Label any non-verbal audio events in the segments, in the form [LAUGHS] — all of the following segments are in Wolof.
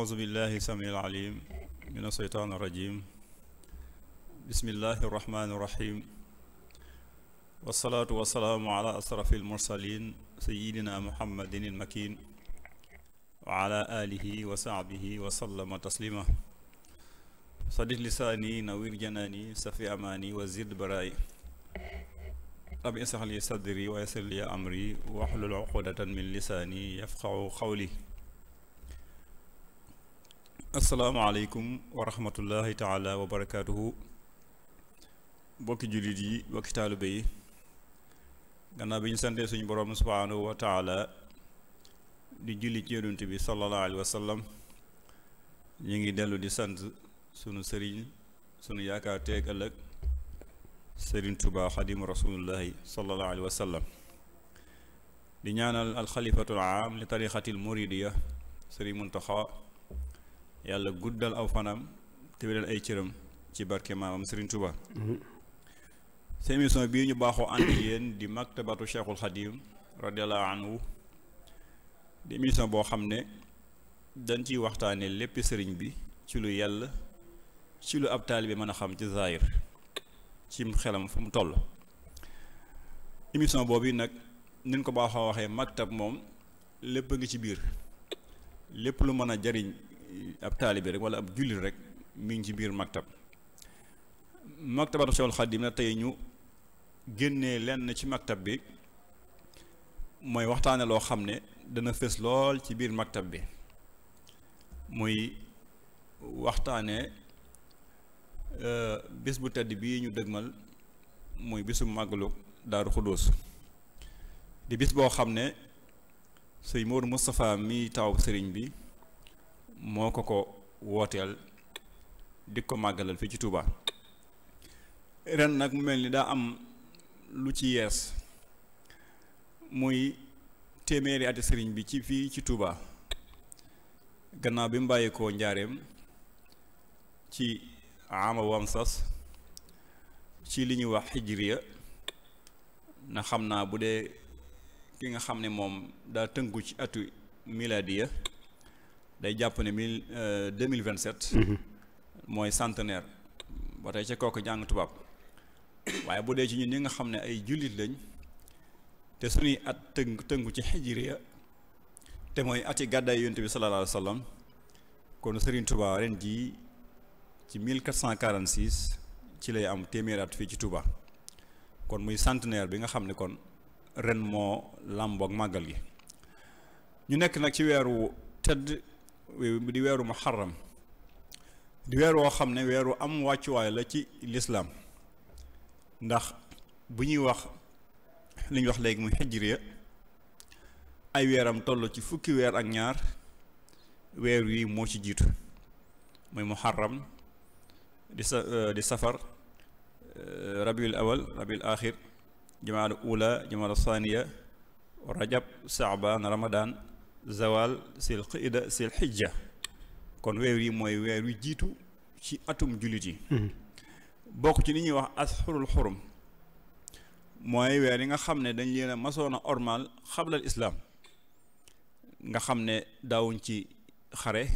أعوذ بالله السميع العليم من الشيطان الرجيم بسم الله الرحمن الرحيم والصلاة والسلام على أشرف المرسلين سيدنا محمد المكين وعلى آله وصحبه وسلم تسليما صدق لساني نوير جناني سفي أماني وزد برائي ربي اشرح لي صدري ويسر لي أمري واحلل عقدة من لساني يفقه قولي asalaamaaleykum wa rahmatullahi taala wa barakaatuhu bokki jullit yi bokki taalibe yi gannaaw bi ñu santee suñu borom subhaanahu wa taala di julli ci bi sallallahu alayhi wa sallam ñu ngi dellu di sant sunu sëriñ sunu yaakaar teeg ëllëg sëriñ Tuubaa xadimu rasuulullahi sallallahu alayhi wa sallam di ñaanal alxalifatul aam li tarixatil muridiya sëriñ Muntaxa yàlla guddal aw fanaam te wéral ay cëram ci barke maamam Serigne Touba. seen émission bii ñu baaxoo ànd yéen di maktabatu Cheikhul Khadim radiallahu anhu di émission boo xam ne dañ ci waxtaane lépp sëriñ bi ci lu yàlla ci lu ab taalibe mën a xam ci zahir ci xelam fu mu toll émission boobu nag nin ko baaxoo waxee maktab moom lépp a ngi ci biir lépp lu mën a jariñ ab taalibe rek wala ab jullit rek mi ngi ci biir maktab maktabatu Seexul Xadiim na tey ñu génnee lenn ci maktab bi mooy waxtaane loo xam ne dana fës lool ci biir maktab bi muy waxtaane euh, bés bu tedd bii ñu dëgmal muy bésu màggalu Daaru Xudoos di bis boo xam ne sëñ Moodu Moustapha mi taw sëriñ bi moo ko ko wooteel di ko màggalal fii ci Touba ren nag mel ni daa am lu ci yees muy téeméeri ati sëriñ bi ci fii ci Touba gannaaw bi mu bàyyi ko njaareem ci ama wamsas ci li ñuy wax hijriya na xam naa bu dee ki nga xam ne moom daa tënku ci atu miladiya day jàpp ne mille euh, deux mille vingt sept. Mm-hmm. mooy centenaire. ba tey ca kooku jàng tubaab waaye bu dee ci ñun ñi nga xam ne ay jullit lañ te suñuy at tënk tënku ci hijriya te mooy ati gàddaay yonent bi sallallahu alayhi wa sallam kon Serigne Touba ren jii ci mille quatre cent quarante six ci lay am téeméer fii ci Touba kon muy centenaire bi nga xam ne kon ren moo làmboog màggal yi ñu nekk nag ci weeru tedd. di weeru muharram di weer woo xam ne weeru am wàccuwaay la ci lislaam ndax bu ñuy wax li ñu wax léegi mu hijriya ay weeram toll ci fukki weer ak ñaar weer yi moo ci jiitu muy muharram di euh, di safar euh, rabiul awal rabiul axir jamaada ula jamaada saaniya rajab saaban ramadan zawal sil qida sil xijja kon weer yi mooy weer wi jiitu ci atum jullit yi hmm. bokk ci li ñuy wax asxurul xurum mooy weer yi nga xam ne dañ leen a masoon a ormal xablal islaam nga xam ne daawuñ ci xare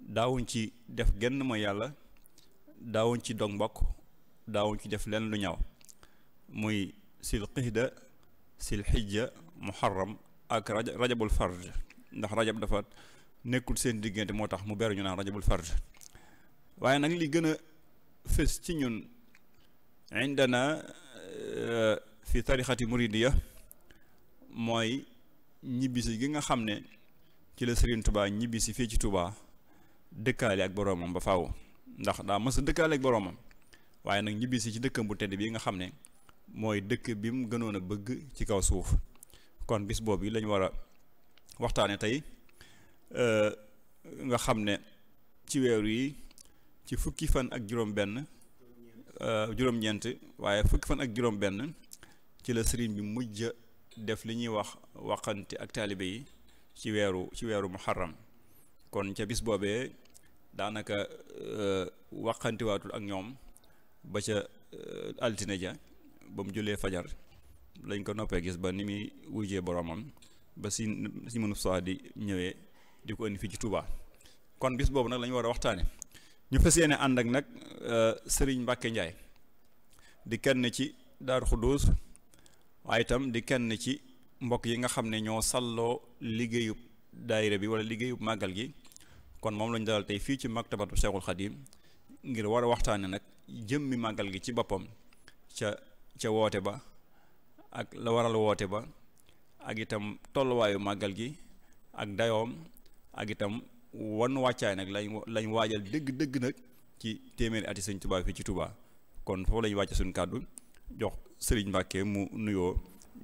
daawuñ ci def genn mooy yàlla daawuñ ci dog mbokk daawuñ ci def leen lu ñaaw muy sil qida sil xijja muharram ak raja rajabul farj ndax rajab dafa nekkul seen diggante moo tax mu beru ñu naan rajabul farj waaye nag li gën a fës ci ñun indana euh, fi tarixati muridiya mooy ñibbisi gi nga xam ne ci la Serigne Touba ñibbisi fii ci tubaa dëkkaale ak boroomam ba faw ndax daa mës a dëkkaale ak boroomam waaye nag ñibbisi ci dëkkam bu tedd bii nga xam ne mooy dëkk bi mu gënoon a bëgg ci kaw suuf kon bis boobu yi la ñu war a waxtaane tey euh, nga xam ne ci weeru yi ci fukki fan ak juróom-benn euh, juróom-ñeent waaye fukki fan ak juróom-benn ci la sëriñ bi mujj def li ñuy wax waxante ak taalibe yi ci weeru ci weeru muharram kon ca bis boobee daanaka euh, waxantiwaatul ak ñoom ba ca altine ja ba mu jullee fajar lañ ko noppee gis ba ni muy wujjee boromam ba si si mënu soi di ñëwee di ko indi fii ci tubaa kon bis boobu nag la war a waxtaane ñu fas yéene ànd ak nag euh, Serigne Mbacke Ndiaye di kenn ci Darou Khoudoss waaye itam di kenn ci mbokk yi nga xam ne ñoo salloo liggéeyub daayira bi wala liggéeyub màggal gi kon moom lañu dalal tey fii ci maktabatu Cheikhul Khadim ngir war a waxtaane nag jëmmi màggal gi ci boppam ca ca woote ba ak la waral woote ba ak itam tolluwaayu màggal gi ak dayoom ak itam wan wàccaay nag lañ lañ waajal dëgg-dëgg nag ci téeméer ati sëñ Touba fii ci tubaa kon foofu la ñu wàcce suñu kàddu jox Serigne Mbacke mu nuyoo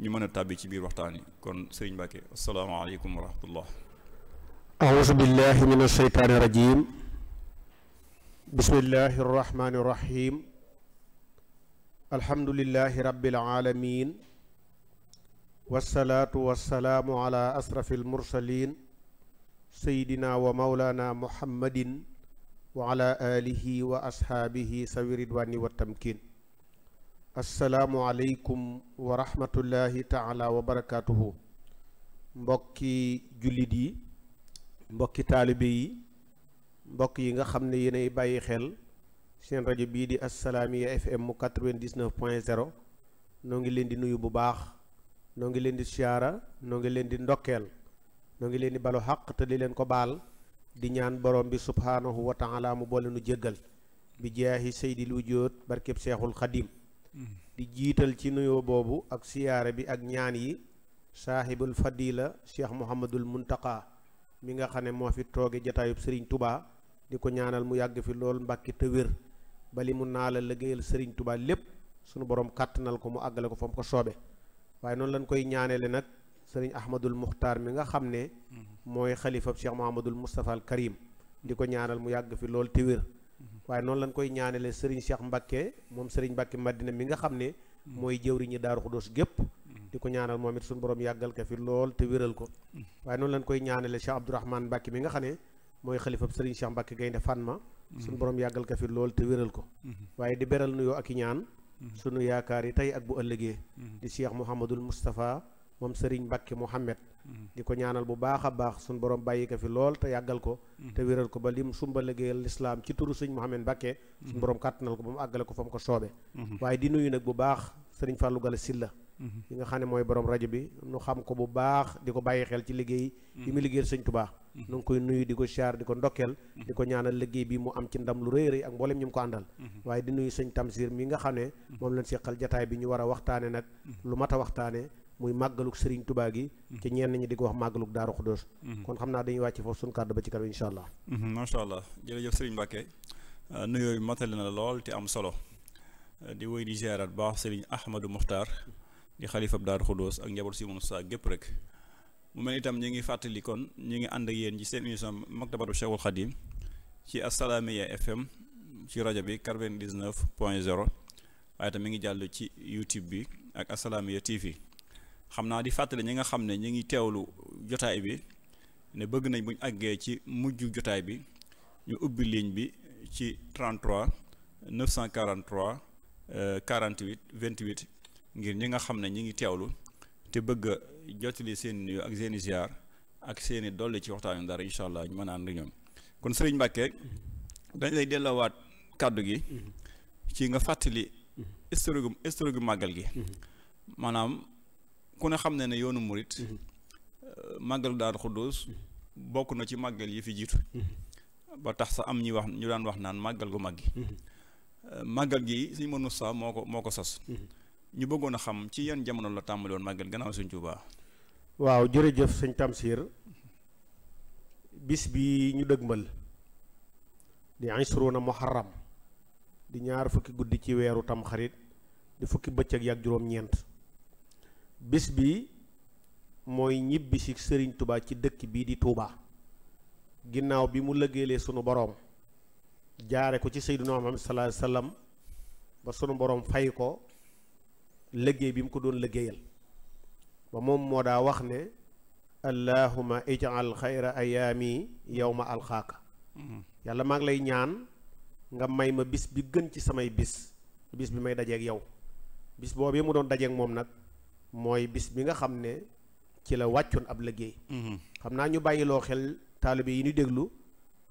ñu mën a tàbbi ci biir waxtaan yi kon Serigne Mbacke asalaamaaleykum wa rahmatullah aouzu billahi min asheytaani alhamdulillahi rabbil alamin wasalaatu wasalaamu ala asrafi almursalin sayidina wa maulana muhammadin wa ala alihi wa ashaabihi sawi ridwaani wa tamkin assalaamu aleykum wa rahmatullahi taala wa barakaatuhu mbokki jullit yi mbokki taalibe yi mbokk yi nga xam ne yéenay bàyyi xel seen rajo bii di Assalaamy FM 99 point 0 noo ngi leen di nuyu bu baax noo leen di siyaara noo ngi leen di ndokkeel noo ngi leen di balu xaq te di leen ko baal di ñaan borom bi subhaanahu wa taala mu boole nu jéggal bi jaahi saydil wujood barkeb seexul xadim mm. di jiital ci nuyoo boobu ak siyaare bi ak ñaan yi saahibul fadila cheikh mouhamadul muntaka mi nga xam ne moo fi tooge jataayub sëriñ tubaa di ko ñaanal mu yàgg fi lool mbàkki te wér bali mu naa la liggéeyal sëriñ tubaa lépp sunu borom kàttanal ko mu àggale ko fa ko soobe waaye noonu lañ koy ñaaneele nag sëriñ ahmadul muxtaar mi nga xam ne mooy xalifab cheikh mohamadul moustapha al karim di ko ñaanal mu yàgg fi lool te wér waaye noonu lañ koy ñaaneele sëriñ cheikh mbakke moom sëriñ mbakke madina mi nga xam ne mooy jëwriñi daaru xudóos gépp di ko ñaanal moom it suñu borom yàggal ko fi lool te wéral ko waaye noonu lañ koy ñaanale cheikh abdourahman mbakke mi nga xam ne mooy xalifab sëriñ cheikh mbakke gaynde fan ma suñu borom yàggal ko fi lool te wéral ko waaye di beral nuyoo ak ñaan Mm-hmm. sunu yaakaar yi tey ak bu ëllëgee mm-hmm. di cheikh mouhamadul moustapha moom sëriñ mbàkke mouhamed mm-hmm. di ko ñaanal bu baax a baax suñu borom bàyyi ko fi lool te yàggal ko te wéral ko ba lim sumba liggéeyal lislaam ci turu sëñ mouhamed mbàkke suñu borom kàttanal ko ba mu àggale ko fa mu ko soobee waaye di nuyu nag bu baax sëriñ fàllu silla Mm-hmm. ki nga xam ne mooy boroom rajo bi nu xam ko bu baax di ko bàyyi xel ci liggéey yi mu mm-hmm. liggéeyal sëñ Tuubaa mm-hmm. nu ngi koy nuyu di ko siyaar di ko ndokkeel di ko ñaanal liggéey bi mu am ci ndam lu rëy rëy ak mboolem ñu mu ko àndal waaye di nuyu sëñ Tamsir mi nga xam ne moom lañ seqal jataay bi ñu war a waxtaane nag lu mata a waxtaane muy màggaluk sëriñ Tuubaa gi ci ñenn ñi di ko wax màggaluk Daaru Xuddoos kon xam naa dañuy wàcc foofu suñu kàddu ba ci kanam incha allah macha allah jërëjëf sëriñ Mbàkke euh, nuyooyu matali na lool te am solo euh, di wéy di ziarat baax sëriñ Ahmadou Muxtaar di xalifab Daaru Xuddoos ak njaboot si Moussa gépp rek mu mel itam ñu ngi fàttali kon ñu ngi ànd ak yéen ci seen émission Maktabatu Cheikhul Khadim ci Assalaamy FM ci rajo bi 99 point 0 waaye tam mi ngi jàll ci YouTube bi ak Assalaamy TV xam naa di fàttali ñi nga xam ne ñu ngi teewlu jotaay bi ne bëgg nañ buñ àggee ci mujj jotaay bi ñu ubbi ligne bi ci 33 943 48 28. ngir ñi nga xam ne ñi ngi teewlu te bëgg a jottali seen nuyu ak seen i ak seeni i dolli ci waxtaanu dara incha allah ñu mën a ànd kon sëriñ Mbàkke dañ lay delloowaat kàddu gi ci nga fàttali historique gu historique gu màggal gi maanaam ku ne xam ne ne yoonu murit euh, màggal Daaru Xuddus bokk na ci màggal yi fi jiitu ba tax sa am ñi wax ñu daan wax naan màggal gu mag gi euh, màggal gi suñ mënu saa moo ko moo ko sos ñu bëggoon a xam ci yan jamono la tàmbali màgget màggal gannaaw sëñ Tuubaa waaw jërëjëf sëñ Tamsir bis bi ñu dëgmal di ansruuna muharram di ñaar fukki guddi ci weeru tamxarit di fukki bëccëg yi ak juróom-ñeent bis bi mooy ñibbisi sëriñ Touba ci dëkk bii di Touba ginnaaw bi mu lëggéelee sunu boroom jaare ko ci Seydina Muhammad sallallahu alayhi wasallam ba sunu boroom fay ko liggéey bi mu ko doon liggéeyal ba moom moo daa wax ne allahuma ijal xayra ayaami yowma alxaaka mm-hmm. yàlla maa ngi lay ñaan nga may ma bis bi gën ci samay bis bis bi may dajeeg yow bis boobee mu doon dajeeg moom nag mooy bis bi nga xam ne ci la wàccoon ab liggéey mm-hmm. xam naa ñu loo xel taalibe yi ñu déglu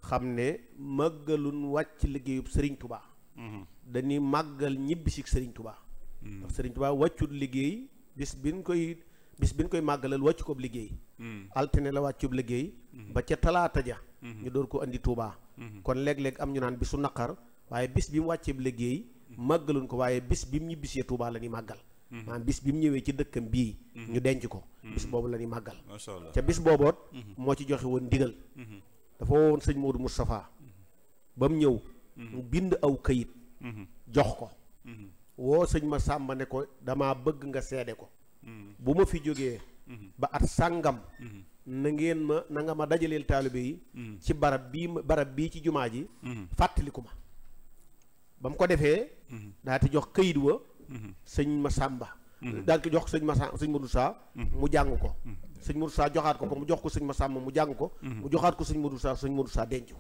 xam ne màggalun wàcc liggéeyub sëriñ tubaa mm-hmm. dañuy màggal ñibbisi sëriñ tubaa Mm. ndax Serigne Touba wàccul liggéey bis bi koy bis bi ñu koy màggalal wàccu ko liggéey. Mm. altine la wàccub liggéey. Mm-hmm. ba ca talaata ja. Mm-hmm. ñu door ko indi Touba. Mm-hmm. kon léeg-léeg am ñu naan bisu naqar waaye bis bi mu wàccee liggéey. màggaluñ ko waaye bis bi mu ñibbisee Touba la ñuy màggal. maanaam bis bi mu ñëwee ci dëkkam bii. ñu denc ko. bis boobu la ñuy màggal. macha ca bis booboot. moo ci joxe woon ndigal. dafa woon sëñ Modou Moustapha. ba mu ñëw. mu bind aw kayit. jox ko. woo sëñ ma sàmba ne ko damaa bëgg nga seede ko bu ma fi jógee ba at sàngam na ngeen ma nanga ma dajaleel taalibe yi ci barab bii barab bii ci jumaa ji fàttaliku ma ba mu ko defee daa ti jox këyit wa sëñ ma sàmba daal ko jox sëñ ma sàmba sëñ Modou Sa mu jàng ko sëñ Modou Sa joxaat ko mu jox ko sëñ ma sàmba mu jàng ko mu joxaat ko sëñ Modou Sa sëñ Modou Sa denc ko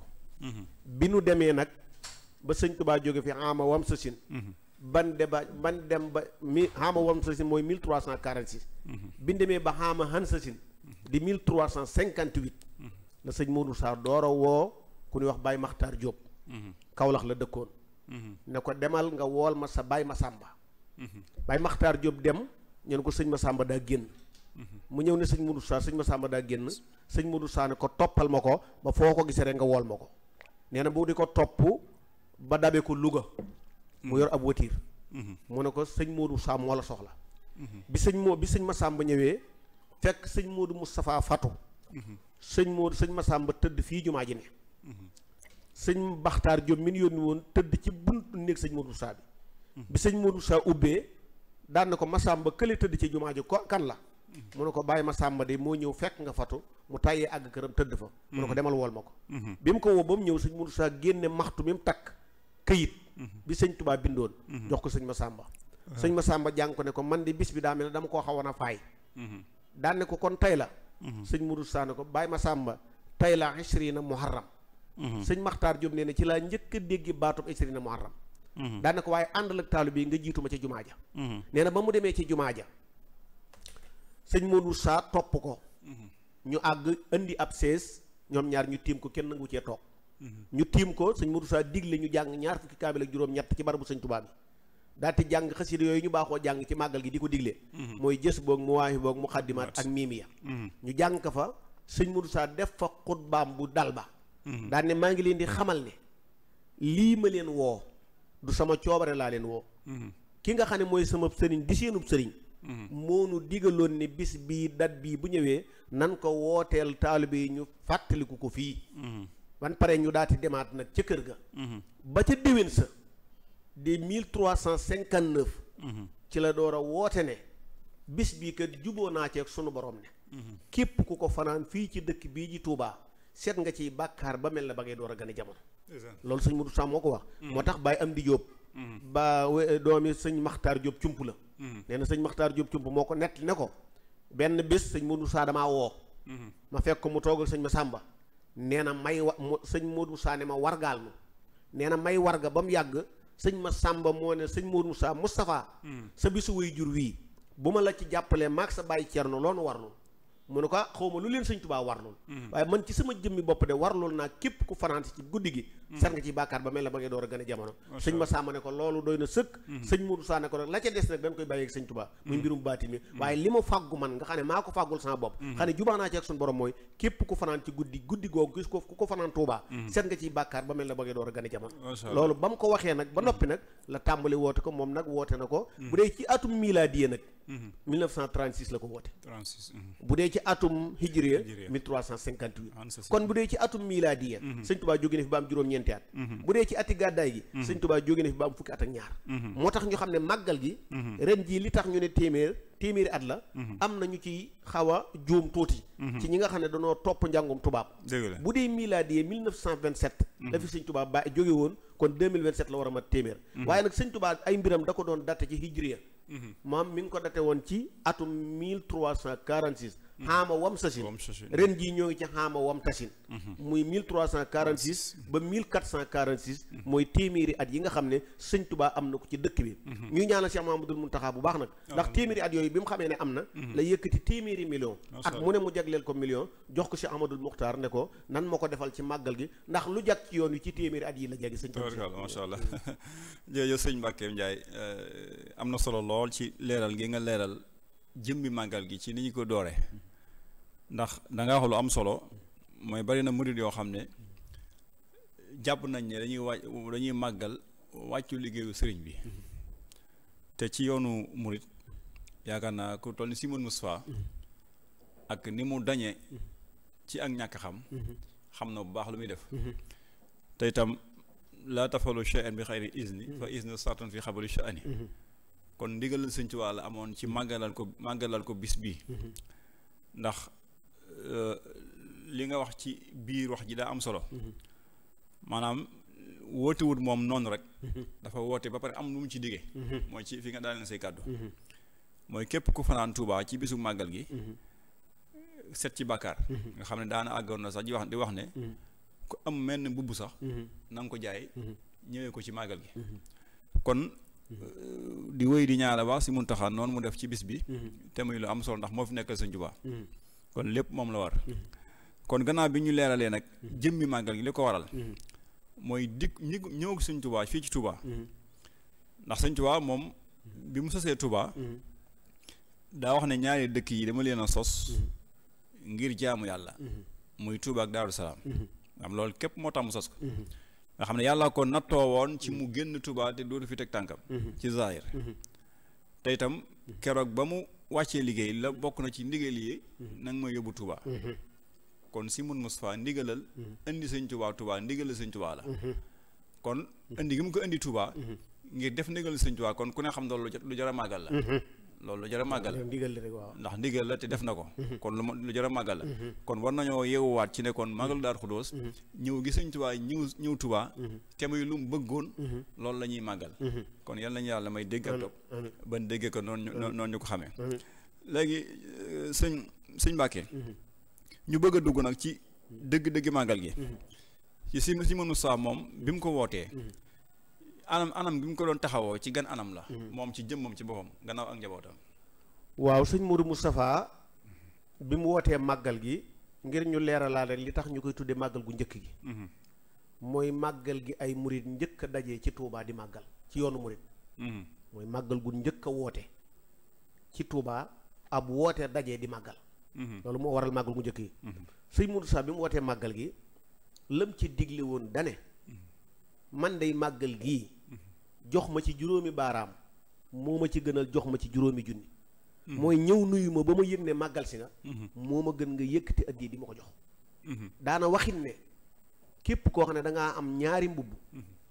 bi nu demee nag ba sëñ Tuubaa jóge fi ama wam sa sin ban de ba ban dem ba mi xaama wam sasin mooy mille trois cent quarante six mhm. bi demee ba xaama sa sasin di mille trois cent cinquante huit la sëñ Modou Sarr door a woo ku ñuy wax Baye Makhtar Diop mhm. Kaolack la dëkkoon mhm. ne ko demal nga wool ma sa Baye Massamba Baye Makhtar jóob dem ñu ko sëñ ma Massamba daa génn mu ñëw ne sëñ Modou saa sëñ ma sàmba daa génn sëñ Modou Sarr ne ko toppal ma ko ba foo ko gisee rek nga wool ma ko nee na bu di ko topp ba dabe ko Louga mu yor ab voiture mu ne ko sëñ Modou Sam moo la soxla bi sëñ moo bi sëñ Massamba ñëwee fekk sëñ moodu Moustapha Fatou sëñ Modou sëñ Massamba tëdd fii jumaa ji ne sëñ Baxtaar Diop mi yónni woon tëdd ci buntu sëñ Modou Sa bi bi sëñ Modou Sa ubbee daan na ko ba kële tëdd ci jumaa ji ko kan la mu ne ko bàyyi Massamba de moo ñëw fekk nga fatu mu tàyyee àgg këram tëdd fa mu ne ko demal wool ma ko bi mu ko woo ba ñëw sëñ Modou Sa génne maxtu mi mu takk këyit bi sëñ Touba bindoon. jox ko sëñ ma waaw sëñ Massamba jàng ko ne ko man di bis bi daa mel ne dama koo xawoon a faay. Mhm. daan ne ko kon tey la. Mhm. sëñ Mourou Sane ko ma sàmba tey la ishrina muharram. Mhm. sëñ Makhtar Diop ne na ci laa njëkk a dégg baatub ishrina muharram. daan ne ko waaye àndal ak taalu bi nga jiituma ca jumaa ja. nee na ba mu demee ci jumaa ja. sëñ Mourou Sane topp ko. ñu àgg indi ab sees ñoom ñaar ñu tiim ko kenn nangu cee toog. Mm-hmm. ñu tiim ko sëñ Modou Sa digle ñu jàng ñaar fukki kaamil ak juróom-ñett ci barabu sëñ Tuubaa bi daal di jàng xasida yooyu ñu baaxoo jàng ci màggal gi di ko digle mm-hmm. mooy jës boog mu waayi boog mu xaddimaat ak miimiya mm-hmm. ñu jàng ko fa sëñ Modou Sa def fa xutbaam bu dal ba daal ne maa ngi leen di xamal ne lii ma leen woo du sama coobare laa leen woo ki nga xam ne mooy sama sëriñ di seenub sëriñ moonu digaloon ne bis bii dat bii bu ñëwee nan ko wooteel taalibe yi ñu fàttaliku ko fii ban pare ñu daati demaat nag ca kër ga mhm. ba ca déwén sa di mille trois cent cinquante neuf mhm. ci la door a woote ne bis bii kat juboo naa ceeg sunu borom ne mhm. képp ku ko fanaan fii ci dëkk bii ji tuubaa seet nga ciy bàkkaar ba mel na ba ngay door a gën a jamono loolu sëñ Modou saa moo ko wax moo tax am di jóob ba eh, doomi sëñ maxtar jóob cump la nee na sëñ Makhtar Diop cump moo ko nett ne ko benn bés sëñ Modou Sa damaa woo ma fekk ko mu toogal sëñ Massamba nee na may wa sëñ Modou Sané ma wargaal ma nee na may warga ba mu yàgg sëñ ma sàmba moo ne sëñ Modou Moussa Moustapha hmm. sa bisu way jur wii bu ma la ci jàppalee maag sa bàyyi Cerno loonu warlu mu ne ko ah, xaw ma lu leen sëñ tubaa war lool mm-hmm. waaye man ci sama jëmmi bopp de war lool naa képp ku fanaan ci guddi gi mm-hmm. sar nga ci bàkkaar ba mel a na sëkk mm-hmm. naa ci ak suñu borom mooy képp ku fanaan ko ku ko fanaan tuubaa sar nga ciy bàkkaar ba la ba door a gën a jamono loolu ba mu ko waxee nag ba noppi nag la tàmbali woote ko moom nag woote na ko bu dee ci atum miilaadiye nag la ko woote ci atum hijriya 1358 ah, kon bu dee ci atum milaadiya mhm. sëñ tubaa jóge na fi ba am juróom-ñeenti at mhm. bu dee ci ati gàddaay gi mhm. sëñ tubaa jóge na fi ba am fukki at ak ñaar moo tax ñu xam ne màggal gi ren jii li tax ñu ne téeméer téeméeri at la am na ñu ci xaw a juum tuuti ci ñi nga xam ne danoo topp njàngum tubaab bu dee milaadiya 1927 la fi sëñ tubaa ba jóge woon kon 2027 la war a mat téeméer waaye nag sëñ tubaa ay mbiram da ko doon datte ci hijriya maam mi ngi ko xaama wam sasin ren jii ñoo ngi ci xaama wam tasin mhm. muy 1346 ba 1446 mooy téeméeri at yi nga xam ne sëñ Tuubaa am na ko ci dëkk bi mhm. ñu ñaanal Cheikh Mahamadul Muntaxa bu baax nag ndax téeméeri at yooyu bi mu xamee ne am na mhm. la yëkkati téeméeri million at mu ne mu jagleel ko million jox ko Cheikh Ahmadul Muxtaar ne ko nan ma ko defal ci màggal gi ndax lu jag ci yoon wi ci téeméeri at yi la jagi sëñ Tuubaa masha Allah [LAUGHS] jërëjëf sëñ Mbàkke Njaay eh, am na solo lool ci leeral gi nga leeral jëmmi màggal gi ci ni ñu ko doore ndax danga wax lu am solo mooy bari na murid yoo xam ne jàpp nañ ne dañuy wàcc dañuy màggal wàccu liggéeyu sëriñ bi te ci yoonu murid yaakaar naa ku toll ni Simon Moustapha ak ni mu dañee ci ak ñàkk xam xam na bu baax lu muy def te itam laa tafalu shay'an bi xayri izni fa iznu sartan fi xabari sha'ani kon ndigalal sëñ Tuubaa la amoon ci màggalal ko màggalal ko bis bi ndax Euh, li nga wax ci biir wax ji daa am solo mhm. maanaam wootewut moom noonu rek mhm. dafa woote ba pare am lu mu ci diggee mhm. mooy ci fi nga daal na say mooy képp ku fanaan Touba ci bisu màggal gi ci bàkkaar nga xam ne daana àggoon na sax di wax di wax ne ku am menn mbubb sax na ko jaay ñëwee ko ci màggal gi kon euh, di wéy di ñaala baax si mun taxaan noonu mu def ci bis bi te muy lu am solo ndax moo fi nekkal Sëñ Tuubaa kon lépp moom la war. Mm-hmm. kon gannaaw bi ñu leeralee nag. Mm-hmm. jëmmi màggal gi li ko waral. Mm-hmm. mooy dikk ñi ñëw suñ fii ci Touba. ndax suñ Touba moom bi mu sosee Touba. daa wax ne ñaari dëkk yi dama leen a sos. ngir jaamu yàlla. muy Touba ak Daaru Salaam. am loolu képp moo tax mu sos ko. nga xam ne yàlla ko nattoo woon ci mu génn tubaa te dootu fi teg tànkam. ci Zahir. te itam keroog ba mu. wàccee liggéey la bokk na ci ndigal yi mhm. nanga ma yóbbu Touba mhm. kon si mun Moustapha ndigalal mhm. indi sëñ Touba Touba ndigalal sëñ Touba la kon indi gi mu ko indi tubaa ngir def ndigalal sëñ Touba kon ku ne xam ne lu jar a la lool lu jar a màggal ndax ndigal la te def na ko mhm. Mhm. kon lu lu jar a màggal la mhm. kon war nañoo yeewuwaat ci ne kon màggalu Daaru Xudoos ñëw gi Sëñ Tuubaa ñëw ñëw Tuubaa te muy lu mu bëggoon loolu la ñuy màggal kon yal nañu yàlla may dégg a topp ban déggee ko noonu noonu ñu ko xamee léegi euh, sëñ sëñ Mbàkke ñu bëgg a dugg nag ci dëgg-dëgg màggal gi ci si si mënu saa moom bi mu ko wootee anam anam bi mu ko doon taxawoo ci gan anam la. Mhm. moom ci jëmmam ci boppam gannaaw ak njabootam. waaw sëñ Modou Moustapha bi mu wootee màggal gi ngir ñu leeralaale li tax ñu koy tuddee màggal gu njëkk gi. Mhm. mooy màggal gi ay murit njëkk a daje ci Touba di màggal ci yoonu mhm. màggal gu njëkk a woote ci Touba ab woote daje di màggal. loolu moo waral màggal mu njëkk yi. sëñ Modou Moustapha bi mu wootee màggal gi lam ci digle woon dane man day màggal gii jox ma ci juróomi baaraam moo ma ci gënal jox ma ci juróomi junni hmm. mooy ñëw nuyu ma ba ma yëg ne màggal si nga hmm. moo ma gën nga yëkkati addiya di ma ko jox hmm. daana waxin ne képp koo xam ne dangaa am ñaari mbubb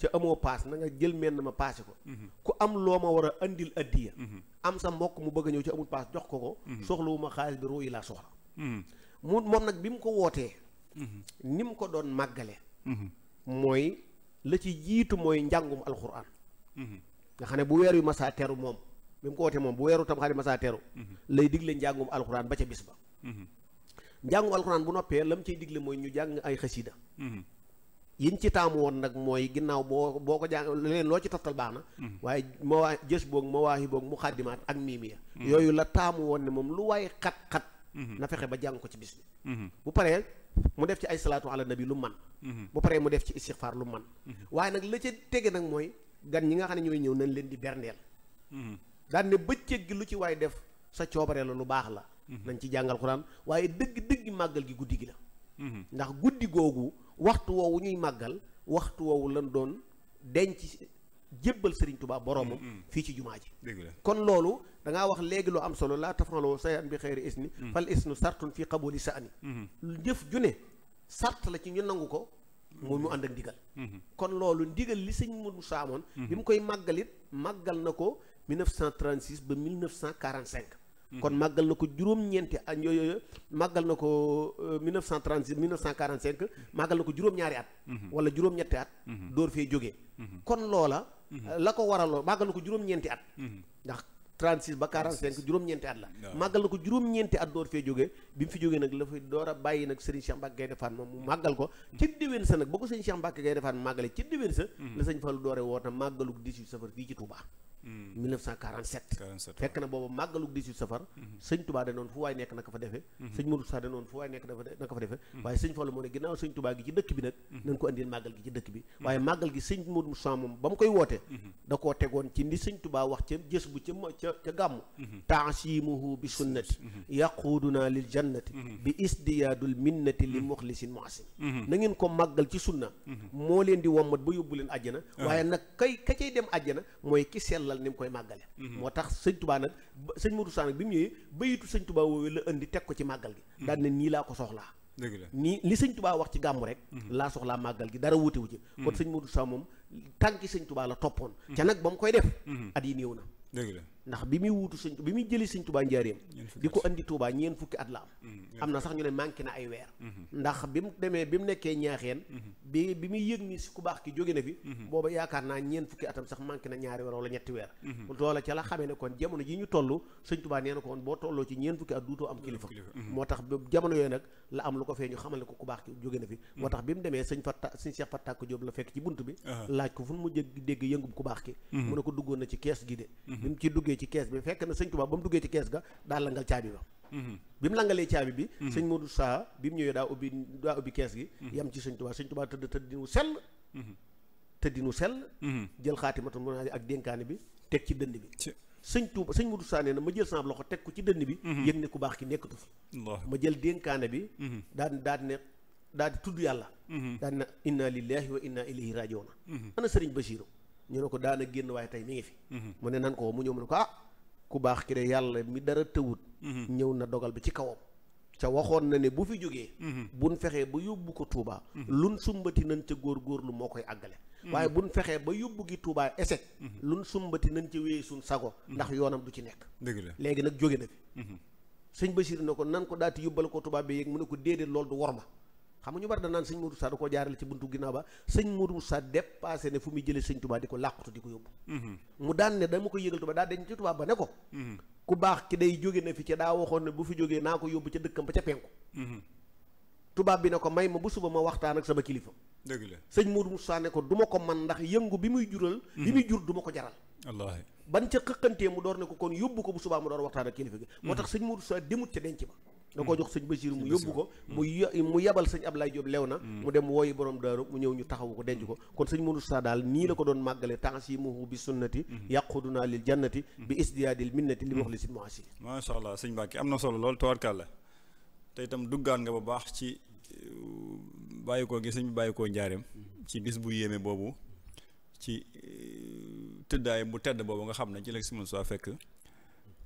ca amoo paas na nga jël menn ma paase ko ku am loo ma war a andil addiya am sa mbokk mu bëgg ñëw ci amul paas jox ko ko soxlawu ma xaalis bi roo laa soxla mu moom nag bi mu ko wootee ni mu ko doon màggale mooy la ci jiitu mooy njàngum alxuraan nga xam ne bu weer yu masaa teru moom bi mu ko wootee moom bu weeru tam xarit masaa teru lay digle njàngum alxuraan ba ca bis ba njàngum alxuraan bu noppee la lam ciy digle mooy ñu jàng ay xasida yiñ ci taamu woon nag mooy ginnaaw boo boo ko jàng leen loo ci toftal baax na waaye ma mawaa jës boog mawaahi boog mu xaddimaat ak miimiya yooyu la taamu woon ne moom lu waaye xat-xat ma fexe ba jàng ko ci bis bi bu paree mu def ci ay salaatu ala nabi lu man bu paree mu def ci istixfaar lu man waaye nag la ca tege nag mooy gan ñi nga xam ne ñooy ñëw nañ leen di berndeel mhm. daan ne bëccëg gi lu ci waaye def sa coobaree la lu baax la mhm. nañ ci jàngal xuraan waaye dëgg dëgg màggal gi guddi gi la mhm. ndax guddi googu waxtu woowu ñuy màggal waxtu woowu lan doon denc jébbal Serigne Touba boromam. fii ci jumaa ji kon loolu dangaa wax léegi lu am solo laa sa sayan bi xëyri isni fal isnu sartun xaboo xaboli sa ani jëf ju ne sart la ci ñu nangu ko mu mu ànd ak ndigal mhm. kon loolu ndigal li sëñ Modou saamoon mhm. bi mu koy màggalit màggal na ko 1936 ba 1945 mhm. kon màggal na ko juróom-ñeenti at yooyu màggal na ko 1936 euh, 1945 màggal na ko juróom-ñaari at. wala juróom-ñetti at. door fee jógee. kon loola. la ko waraloon màggal na ko juróom-ñeenti at. ndax 36 ba 45 juróom-ñeenti at la màggal na ko juróom-ñeenti at door fee jógee bi mu fi jógee nag la fay door a bàyyi nag sëriñ Cheikh Mbacke Gaynde Fatma mu màggal ko mm-hmm. ci déwén sa nag ba ko sëriñ Cheikh Mbacke Gaynde Fatma màggale ci déwén sa mm-hmm. la sëñ Fallou doore woota màggaluk 18 safar fii ci Touba 1947. Hmm. 47 fekk na booba màggalu 18 safar. Hmm. sëñ Touba danoon fu waay nekk naka fa defee. Hmm. sëñ Modou Sa danoon fu waay nekk naka fa defee. waaye sëñ Fallou moo ne ginnaaw sëñ Touba gi ci dëkk bi nag. nañ ko andil màggal gi ci dëkk bi. waaye màggal gi sëñ Modou Sa moom ba mu koy wootee. da koo tegoon ci ni sëñ Touba wax ca jës bu ca ca ca gàmmu. taasimuhu bi sunnati. yaquuduna lil jannati. bi isdiyaadul minnati li muxlisin muasim. na ngeen ko màggal ci sunna. moo leen di wommat ba yóbbu leen àjjana. Ah. waaye nag kay ka cay dem àjjana mooy ki sell sellal ni mu koy màggale mhm. moo tax sëñ tubaa nag sëñ Modou Sa nag bi mu ñëwee bayitu sëñ tubaa woowee la indi teg ko ci màggal gi mhm. daan ne nii laa ko soxlaa dëgg la nii li sëñ tubaa wax ci gàmmu rek mhm. laa soxlaa màggal gi dara wutewu ci kon sëñ Modou Sa moom tànki sëñ tubaa la toppoon ca nag ba mu koy def at yi néew na la ndax bi muy wuutu sëñ bi muy jëli sëñ Touba njaareem di ko andi Touba ñeen fukki at la am mm-hmm. am na sax ñu ne manqué na ay weer mm-hmm. ndax bi mu demee bi mu nekkee ñaaxeen mm-hmm. bi bi muy yëg ni ku baax ki jóge na fi naa ñeen fukki atam sax manqué na ñaari weer wala ñetti weer loola ca la xamee ne kon jamono ji ñu toll sëñ Touba nee na ko woon boo moo tax ko fee ñu xamal ne ko ku baax ki jóge na tax bi mu demee sëñ Fatta sëñ Cheikh Fatta ko la fekk ci bunt bi uh-huh. laaj ko fu mu mujj dégg yëngub ku baax ki mu ne ko duggoon na ci kees gi de duggee ci kees bi fekk na sëñ Tuubaa ba mu duggee ci kees ga daa langal caabi ba mhm. bi mu langalee caabi bi mhm. sëñ Modou Saha bi mu ñëwee daa ubbi daa ubbi kees gi yam mhm. ci teg ci dënd bi sëñ Tuubaa sëñ Modou Saha nee na ma jël sama loxo teg ko ci dënd bi yëg ne ku baax ki nekkatu fi ma jël dénkaane bi daan daan ne daal di tudd yàlla daan na inna lillahi wa inna ilayhi rajiuna ana sëriñ Basiru ñu ne ko daana génn waaye tey mi ngi fi mhm. mu ne nan ko mu ñëw mu ne ko ah ku baax ki de yàlla mi dara tëwut mhm. ñëw na dogal bi ci kawam ca waxoon na ne bu fi jógee mhm. buñ fexee ba yóbbu ko Touba luñ sumbati nañ ca góorgóorlu moo koy àggale waaye buñ fexee ba yóbbu gi Touba échec luñ sumbati nañ ca wéyee sago ndax yoonam du ci nekk dëgg la léegi nag jóge na fi ba Bachir ne ko nan ko daati yóbbal ko Touba bi yéeg mu ne ko déedéet loolu du ma xam nga ñu war da naan sëñ Modou Moussa da koo jaarale ci buntu ginnaaw ba sëñ Modou Moussa dépassé ne fu muy jëlee sëñ Touba di mhm. dañ ci Touba ba ne ko mhm. ku baax ki day jóge na fi ca daa waxoon ne bu fi jógee naa ko yóbbu ca dëkkam ba ca penku mhm. bi ne ko may ma bu suba ma waxtaan ak sama kilifa dëgg la sëñ Modou Moussa ne ko du ko man ndax yëngu bi muy jural bi muy jur du ma ko jaral wallaahi ban ca xëqantee mu door ne ko kon yóbbu ko bu subaa mu door waxtaan ak moo tax sëñ Modou Moussa demut ca denc ba da koo jox sëñ Basiir mu yóbbu ko mu mu yabal sëñ Ablaye Diop lew na mm. mu dem wooyi borom daaru mu ñëw ñu taxawu ko denc ko kon sëñ Modou Sa daal nii la ko doon màggale tansimuhu bi sunnati mm-hmm. yàquduna lil jannati bi isdiyaadil minnati li mm-hmm. muxlisin moasi macha allah sëñ Mbàkke am na solo lool tawarkàlla te itam duggaan nga bu baax ci uh, bàyyi koo gi sëñ bi bàyyi koo njaareem mm-hmm. ci bis bu yéeme boobu ci uh, tëddaay bu tedd boobu nga xam na jël la simoon fekk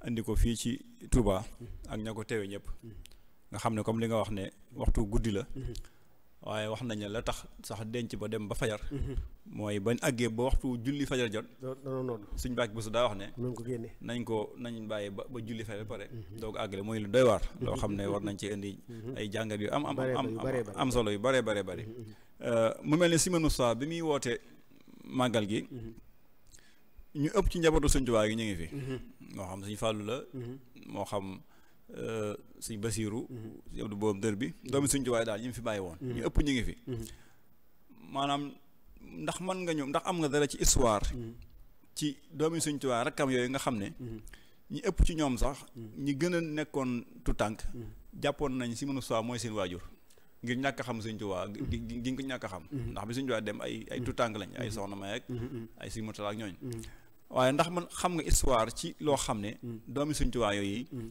indi ko fii ci Touba ak ña ko teewe ñëpp nga xam ne comme li nga wax ne waxtu guddi la waaye wax nañ ne la tax sax denc ba dem ba fajar mooy bañ àggee ba waxtu julli fajar jot suñ bàkki bu su daa wax ne nañ ko nañ bàyyi ba ba julli fajar pare mhm. doo àggale mooy lu doy waar loo xam ne war nañ ci indi mhm. ay jàngat yu am am am am solo yu bare bare bari mhm, euh, mu mel ne Serigne Moussa bi muy woote màggal gi ñu ëpp ci njabootu sëñ Tuubaa gi ñu ngi fi. Mhm. moo xam sëñ Fàllu la. Mhm. moo xam euh, sëñ Basiiru. Mhm. sëñ Abdu boobu dër bi. doomi sëñ Tuubaa daal ñu fi bàyyi ñu ëpp ñu ngi fi. maanaam ndax mën nga ñëw ndax am nga dara ci histoire. ci doomi sëñ Tuubaa rakkam yooyu nga xam ne. ñu ëpp ci ñoom sax. ñi gën a nekkoon tu tànk. jàppoon nañ si mënu soi mooy seen waajur. ngir ñàkk xam sëñ Tuubaa gi gi nga ñàkk xam. ndax bi sëñ Tuubaa dem ay ay tu lañ ay soxna may ak. ay si motalaak ñooñ waaye ndax man xam nga histoire ci loo xam ne. Mm. doomi suñ Tuubaa yooyu. Mm.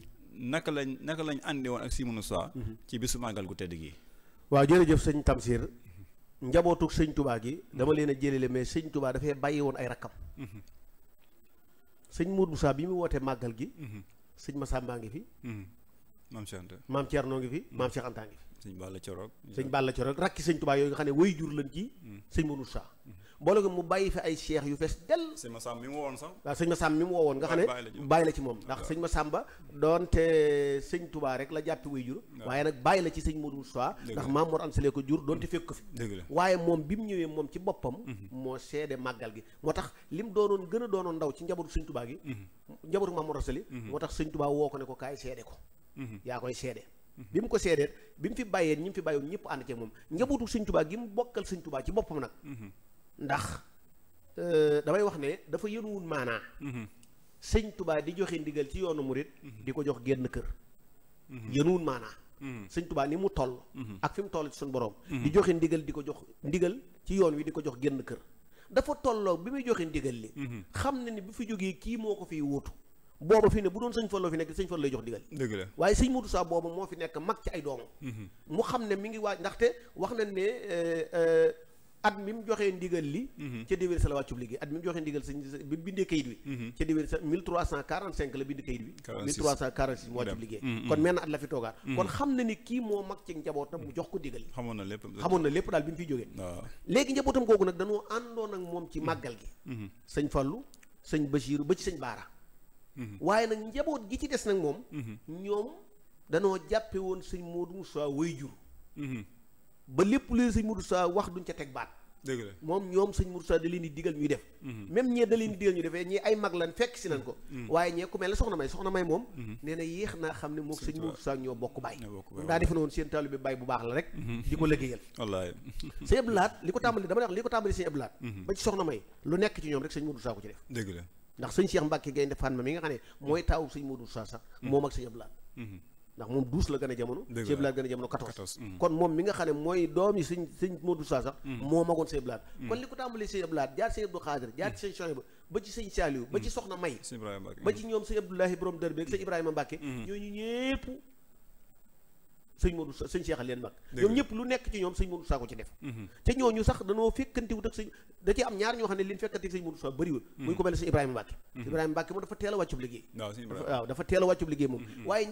naka lañ naka lañ ànde woon ak si Sëriñ Muusaa mm-hmm. ci bisu màggal gu tedd gi. waaw jërëjëf sëñ Tamsir. njabootuk sëñ Tuubaa gi. dama leen a jëlele mais sëñ Tuubaa dafay bàyyi woon ay rakkam. Mm-hmm. sëñ Mourou Moussa bi mu wootee màggal gi. Mm-hmm. sëñ Massamba ngi fi. maam Cheikh Anta maam Thierno ngi fi maam Cheikh Anta ngi fi. sëñ Balla Coroog. sëñ Balla Coroog rakki sëñ Tuubaa yooyu nga xam ne way jur lañ ji sëñ Mourou saa boole ko mu bàyyi fi ay cheikh yu fees dell sëñ Massamba mi mu wowoon sax waaw sëñ Massamba mi mu wowoon nga xam ne bàyyi la ci moom ndax sëñ Massamba doonte sëñ Touba rek la jàppi way jur waaye nag bàyyi la ci sëñ Modou Moustapha ndax Maam Mor Anta Sali ko jur doonte fekk ko fi waaye moom bi mu ñëwee moom boppam mhm. moo seede màggal gi moo tax li mu doonoon gën a ndaw ci njabootu sëñ Touba gi mhm. njabootu Maam Mor Anta mhm. moo tax sëñ woo ko ne ko kaay seede ko yaa koy seede bi mu ko seedeet bi mu fi bàyyeen ñi mu fi bàyyoon ñëpp ànd ceeg moom njabootu sëñ Touba gi mu bokkal sëñ Touba ci boppam nag ndax euh, damay wax ne dafa yënuwul maanaa mhm. sëñ tubaa di joxe ndigal ci yoonu murit mhm. di ko jox génn kër mhm. yënuwul maanaa sëñ tubaa ni mu toll ak fi mu toll ci suñu borom di joxe ndigal di ko jox ndigal ci yoon wi di ko jox génn kër dafa tolloo bi muy joxe ndigal li xam na ni bu fi jógee kii moo ko fi wuutu booba fi ne bu doon sëñ Fallou fi nekk sëñ Fallou lay jox digal dëgg waaye sëñ Modou Sa booba moo fi nekk mag ci ay doom mu xam ne mi ngi waaj ndaxte wax nañ euh, euh, at mi mu joxee ndigal li mhm. ca déwén sa la wàccub liggéey at mi mu joxee ndigal sa bi bindee kayit bi mhm. ca déwén sa 1345 la bind kayit bi 1346 mu wàccub liggéey mhm, kon menn at la fi toogaat kon xam na ni kii moo mag ci njabootam mu jox ko ndigal li xamoon na lépp xamoon na daal bi mu fiy jógee léegi njabootam googu nag dañoo àndoon ak moom ci màggal gi sëñ Fallu sëñ Basiiru ba ci sëñ Baara waaye nag njaboot gi ci des nag moom ñoom danoo jàppe woon sëñ Moodu Musaa way jur ba lépp lu sëñ Modou Sa wax duñ ca teg baat dëgg la moom ñoom sëñ Modou Sa da leen di digal ñuy def mhm. même ñee da leen di digal ñu defee ñii ay mag lan fekk si nañ ko mhm. Mhm. waaye ñee ku mel ne soxna may soxna may moom nee na yéex naa xam ne moom sëñ Modou Sa bokk baay daa defe na woon seen taalibe baay bu baax la rek di ko liggéeyal [LAUGHS] wallaahi [LAUGHS] sëñ Abdou li ko tàmbali dama ne wax li ko tàmbali sëñ Abdou Lahad ba ci soxna may lu nekk ci ñoom rek sëñ Modou Sa ko ci def dëgg la ndax sëñ Cheikh Mbacke Gaynde Fatma mi nga xam ne mooy taawu sëñ Modou Sa sax moom ak sëñ Abdou Lahad ndax moom douze la gën a jamono Cheikh a gën a jamono quatorze mm. kon moom mm. moo magoon Cheikh Blaat mm. ko tàmbalee Cheikh Blaat jaar sëñ Abdou Khadir jaar ci sëñ Chouaïb ba ci sëñ Saliou ba ci ñooñu ñëpp sëñ Modou sëñ Cheikh leen mag ñoom ñëpp lu nekk ci ñoom sëñ Modou Sa ko ci def mhm. te ñooñu sax danoo fekkantiwut ak sëñ da xam ne mhm. mhm. a wàccub liggéey waaw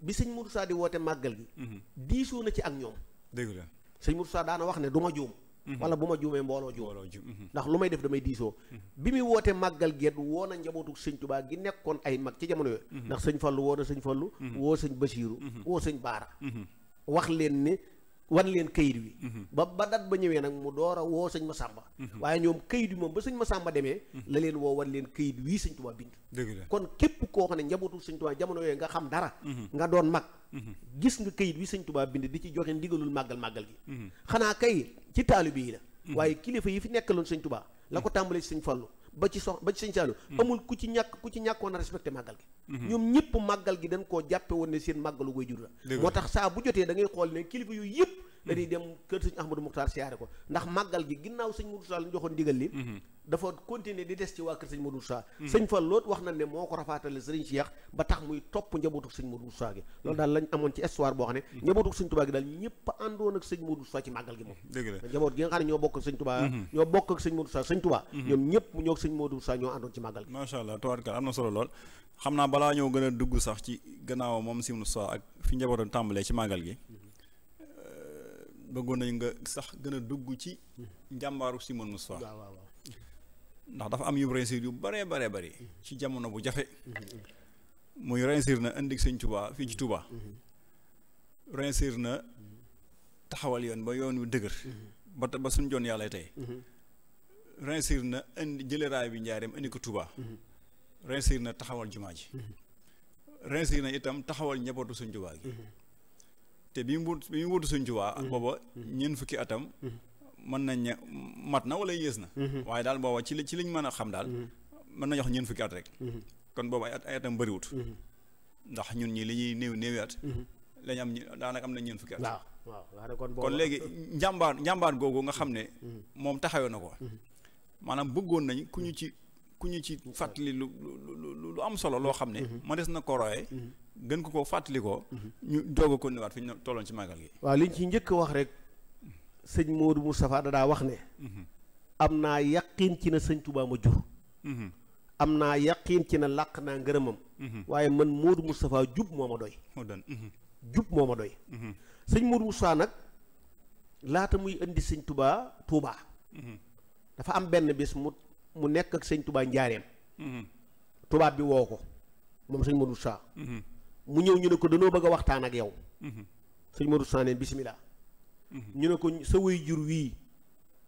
bi sëñ Modou di woote màggal gi diisoo na ci ak ñoom dëgg la daana wax ne du juum Mhm. wala bu ma juumee mbooloo juum mhm. ndax lu may def damay diisoo mhm. bi muy woote màggal geet woo na njabootu sëñ Tuubaa gi nekkoon ay mag ci jamono yooyu ndax sëñ Fallu woo na sëñ Fallu woo sëñ Basiiru woo sëñ Baara wax leen ni wan leen kayit wi mhm. ba ba dat ba ñëwee nag mu door woo sañ ma Masamba mhm. waaye ñoom kayit wi moom ba sëñ Masamba demee mhm. la leen woo wan leen kayit wii sëñ Tuubaa bind kon képp koo xam ne njabootul sëñ Tuubaa jamono yooyu nga xam dara nga doon mag gis nga kayit wi sëñ tubaab bind di ci joxe ndigalul màggal màggal gi xanaa kay ci taalibe yi la waaye kilifa yi fi loon sëñ Tuubaa la ko tàmbali ci sëñ Fallu ba ci sox ba ci sëñ Saliou hmm. amul ku ci ñàkk ku ci ñàkkoon a respecté màggal gi hmm. ñoom ñëpp màggal gi dañ ko jàppe woon ne seen màggalu koy jur la moo tax saa bu jotee dangay xool ne kilifa yooyu yëpp dañuy dem kër sëñ Ahmadou Moukhtar siyaare ko ndax màggal gi ginnaaw sëñ Modou Sa lañ joxoon ndigal li mhm. dafa continuer di des ci waa kër sëñ Modou Sa sëñ Fall mhm. loot wax na ne moo ko rafaatale sëriñ Cheikh ba tax muy topp njabootu sëñ Modou Sa gi loolu daal lañ amoon ci histoire boo xam ne mhm. njabootu sëñ ñëpp àndoon ak sëñ Modou Sa ci màggal gi moom njaboot gi nga xam ne ñoo bokk ak sëñ Touba ñoo bokk ak sëñ Modou Sa sëñ Touba ñoom àndoon ci màggal gi macha allah tabaraka am na solo lool xam naa balaa ñoo gën a dugg sax ci gannaaw moom sëñ Modou Sa ak fi njabootam tàmbalee ci màggal gi bëggoon nañu nga sax gën a dugg ci njàmbaaru Simon Moussa ndax dafa am yu réussir yu bare bare bari ci jamono bu jafe muy réussir na indi sëñ Touba fii ci Touba réussir na taxawal yoon ba yoon wi dëgër ba suñ joon yàlla tey na indi jële raay bi njaareem indi ko Touba réussir na taxawal jumaa ji réussir na itam taxawal njabootu sëñ Touba gi te bi mu wut bi mu wutu Sëñ Tuubaa mm-hmm. booba ñeent fukki atam mm-hmm. mën nañ mat na wala yées na mm-hmm. waaye daal booba ci li ci liñ mën a xam daal mën nañ wax ñeent fukki at rek kon boobu ay at ay atam bëriwut ndax ñun ñi li ñuy néew néewi at lañ am daanaka am na ñeent fukki at waaw waaw kon léegi njàmbaar njàmbaar googu nga xam ne moom taxawee na ko maanaam bëggoon nañ ku ñu ci ku ñu ci fàttali lu lu lu am solo loo xam ne. Mhm. ma des na ko roye. Mhm. gën ko ko fàttali ko. Mhm. ñu doog a kondiwaat fi ñu tolloon ci màggal gi. waaw liñ ci njëkk wax rek sëñ Modou Moustapha dadaa wax ne. am naa yaqin ci na sëñ Touba ma jur. am naa yaqin ci na làq naa ngërëmam. waaye man Modou Moustapha jub moo ma doy. moo doon jub moo ma doy. sëñ Modou Moustapha nag laata muy indi sëñ Touba Touba. dafa am benn bis mu nekk ak sañ Touba Njaareem. Mm-hmm. tubaab bi wow ko moom sëñ Modou saa mm-hmm. mu ñëw ñu ne ko danoo bëgg a waxtaan ak yow. Mm-hmm. sëñ Modou Sa neen bisimilah. ñu ne ko sa way jur wii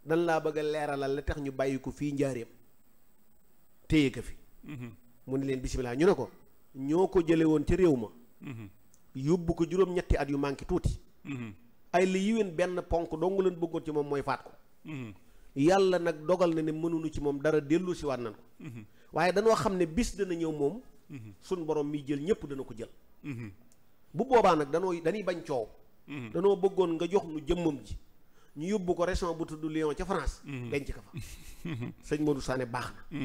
dan laa bëgg a leeralal la tax ñu bàyyi ko fii Njaareem téye ko fi. mu ne leen bisimilah ñu ne ko ñoo ko jële woon ca réew ma. yóbbu ko juróom-ñetti at yu manqué tuuti. ay la yiween benn ponk dong leen bëggoon ci moom mooy faat ko. yàlla nag dogal na ne mënuñu ci moom dara dellu si waat nan ko waaye danoo xam ne bis dana ñëw moom suñ borom mi jël ñëpp dana ko jël bu boobaa nag danoo dañuy bañ coow danoo bëggoon nga jox nu jëmmam ji ñu yóbbu ko reson bu tudd Lyon ca France denc ko fa sëñ du Sané baax na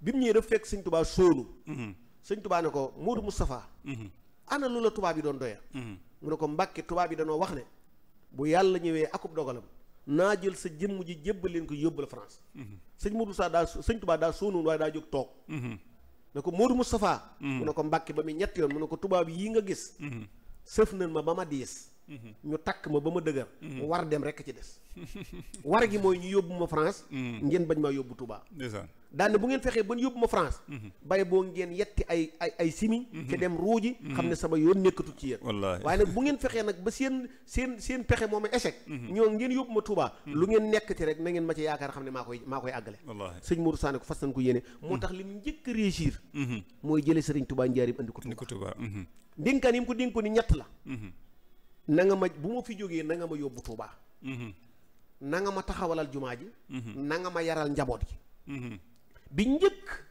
bi mu ñëwee daf fekk sëñ tubaa sóolu sëñ tubaa ne ko Modou Moustapha ana lu la tubaab yi doon doya mu ne ko Mbàkke tubaab yi danoo wax ne bu yàlla ñëwee akub dogalam naa jël sa jëmm ji jébbal leen ko yóbbu la France. sëñ Modou saa daa sëñ Touba daa soonoon waaye daa jóg toog. ne ko Modou Moustapha. Mm-hmm. mu ne ko Mbacke ba muy ñetti yoon mu ne ko tubaab yii nga gis. Mm-hmm. sëf nañ ma ba ma diis. Mhm. ñu takk ma ba ma dëgër mhm. war dem rekk ci des [LAUGHS] war gi mooy ñu yóbbu ma France mhm. ngeen bañ maa yóbbu Touba daane bu ngeen fexee ba ñu yóbbu ma France bay boo ngeen yetti ay ay ay simi te dem ruuji xam ne sama yoon nekkatu ci yéen waaye nag bu ngeen fexee nag ba seen seen seen pexe moom échec ñoo ngeen yóbbu ma tubaa lu ngeen nekk ci rek na ngeen ma ci yaakaar xam ne maa koy maa koy àggale sëñ Mourou Sané ko fas nañ ko yéene moo tax li mu njëkk réussir mooy jële sëriñ Touba njaarim ko Touba ndénkaan yi mu na nga ma bu ma fi jógee na nga ma yóbbu Touba. Mhm. na nga ma taxawalal jumaa ji. Mhm. na nga ma yaral njaboot gi. Mhm. bi njëkk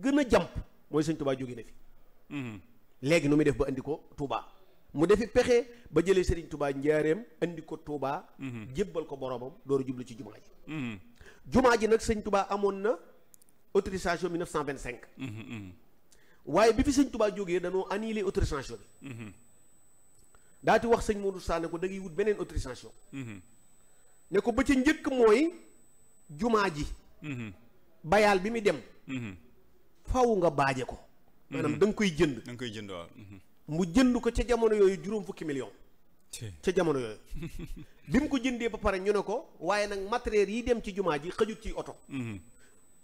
gën a jàmp mooy sëñ Touba jóge na fi. léegi nu muy def ba indi ko Touba mu defi pexe ba jëlee Serigne Touba njaareem indi ko Touba. jébbal ko boromam door jublu ci jumaa ji. jumaa ji nag sëñ Touba amoon na autorisation cinq waaye bi fi sëñ Touba jógee danoo annulé autorisation bi. daa di wax sëñ Modou Sané ko da wut beneen autorisation. Mhm. ne ko ba ca njëkk mooy jumaa ji. Mhm. bayaal bi muy dem. Mhm. faw nga baaje ko. maanaam da koy jënd. da koy jënd waaw. mu jënd ko ca jamono yooyu juróom fukki million. ca jamono yooyu. [LAUGHS] bi mu ko jëndee ba pare ñu ne ko waaye nag matériel yi dem ci jumaa ji xajut ci oto.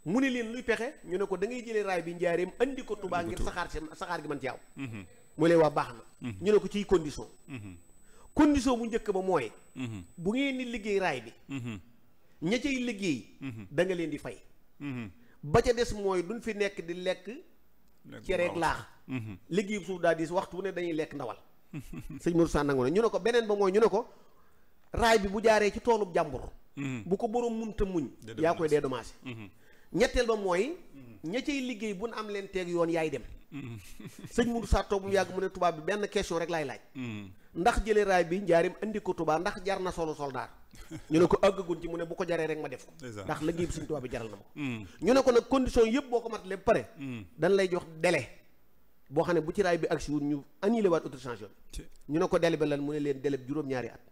mu ne leen luy pexe ñu ne ko da ngay jëlee raay bi njaareem andi ko tubaa ngir saxaar si saxaar gi man ci aw. mu leen wax baax na mhm. ñu ne ko ciy condition mhm. condition bu njëkk ba mooy mhm. bu ngeen di liggéey raay bi ña cay liggéey da leen di fay ba ca des mooy duñ fi nekk di lekk cereeg laax liggéey suuf daal di waxtu bu ne dañuy lekk ndawal [LAUGHS] sëñ Modou Sa nangu na ñu ne ko beneen ba mooy ñu ne ko raay bi bu jaaree ci toolu jàmbur bu ko boroom munta muñ yaa koy dédommagé ñetteel ba mooy ña cay liggéey buñ am leen teeg yoon yaay dem Mm-hmm. sëñ Mourou Sarr toog mu yàgg mu ne tubaab bi benn question rek laay laaj. Mm-hmm. ndax jëlee raay bi njaarim andi ko Touba ndax jar na solo soldaar. [LAUGHS] ñu ne ko àggagun ci mu ne bu ko jaree rek ma def ko. ndax liggéey bi suñ tubaab bi jaral na ma. Mm-hmm. ñu ne ko nag condition yëpp boo ko mat lépp pare. dañ lay jox délai. boo xam ne bu ci raay bi agsi wul ñu annulé waat autorisation bi. ñu ne ko délai ba lan mu ne leen délai bi juróom-ñaari at.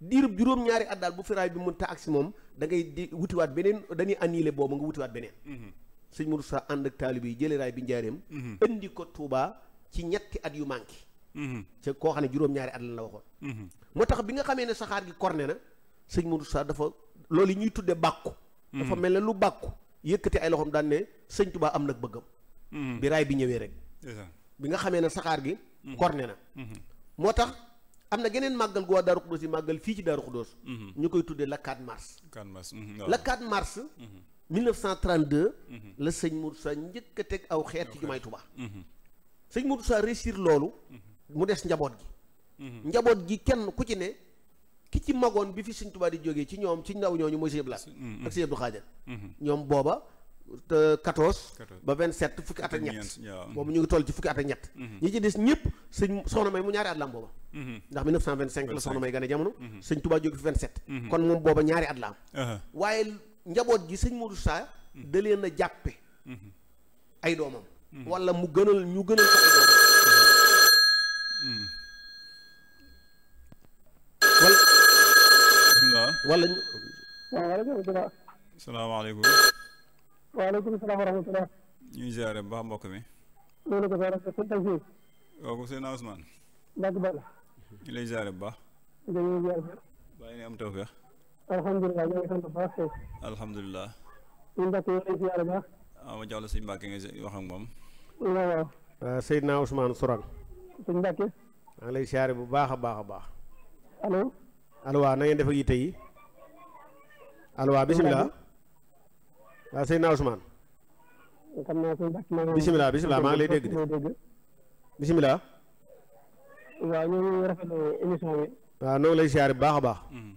diirub juróom-ñaari at daal bu fi raay bi mënta agsi moom da ngay di wutiwaat beneen dañuy annulé boobu nga wutiwaat beneen sëñ Modou Sa ànd ak taalib yi jëlee raay bi njaareem. Mhm. indi ko Touba ci ñetti at yu manqué. Mhm. ca koo xam ne juróom-ñaari at lan la waxoon. Mhm. moo tax bi nga xamee ne saxaar gi corné na sëñ Modou Sa dafa loolu yi ñuy tuddee bàkku. dafa mel ne lu bàkku yëkkati ay loxoom daan ne sëñ Touba am nag bëggam. bi raay bi ñëwee rek. bi nga xamee ne saxaar gi. korne na. moo tax am na geneen màggal gu waa Daaru Xuddoos yi màggal fii ci Daaru Xuddoos. ñu koy tuddee la 4 mars. 4 mars la 4 mars. 1932. Mhm. la sëñ Mourou Sa njëkk a teg aw xeet ci jumaay Tuubaa. Mhm. sëñ Mourou Sa réussir loolu. Mhm. mu des njaboot gi. njaboot gi kenn ku ci ne. ki ci magoon bi fi sëñ Tuubaa di jógee ci ñoom ci ndaw ñooñu mooy sëñ Blaat. ak sëñ Abdou Khadir. ñoom booba. 14 ba 27 fukki at ak ñett boobu ñu ngi toll ci fukki at ak ñett ñi ci des ñëpp sëñ soxna may mu ñaari at la am booba ndax 1925 la soxna may gane jamono sëñ Tuubaa jóge fi 27 kon moom booba ñaari at la uh-huh. waaye njaboot gi sëñ Modou Sa mm-hmm. da a jàppe mm-hmm. ay doomam mm-hmm. walla mu gënal ñu gënal ko ay doomam wala wala salaamaaleykum waaleykum salaam wa rahmatulah ñuy ziare mbokk mi loolu ñu lay ziare bu baax bàyyi ne am tawfeex alhamdulilah ñoo ngi sant bu baax bu baax. Ah, nga moom. waaw waaw. Ah, Seydina Ousmane Sourang. suñu mbàkke. maa ngi lay ziare bu baax a baax a baax. allo. allo waaw na yi. allo waaw bisimilah. waaw ah, Seydina naa suñu mbàkke maa ngi. bisimilah bisimilah maa ngi lay dégg de. bu baax a baax. Mm-hmm.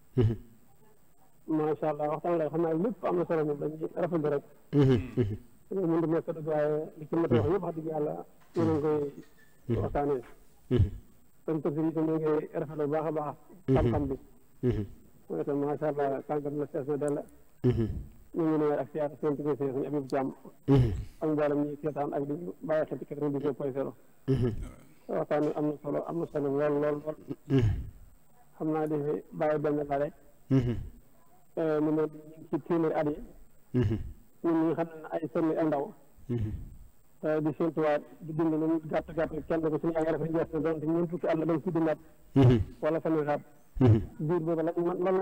Mm-hmm. macha allah waxtaan la xam naa lépp am na solo moom dañuy rafetlu rek. ñu mën koy waxtaanee. yi tamit ñu ngi mm-hmm. Mm-hmm. rafetlu a baax. xam-xam bi. mooy itam macha allah la sees na dell. ñu ngi nuyu ak siyaar seen tëgg seen suñu Habib Thiam. ak mboolem ñi seetaan ak di bàyyi xel ci quatre-vingt-dix point zéro. waxtaan am na solo am na solo lool lool. xam naa dafi bàyyi benn la rek mu ne ci téeméeri at yi mhm. ñun ñi nga xam ne ay sonni ay ndaw mhm. euh, di séntuwaat di dund lu gàtt gàtt kenn ko suñu anga rafet njort donte ñeent fukki am na dañ ci dundaat mhm. wala fanweeri at biir boobu la lan la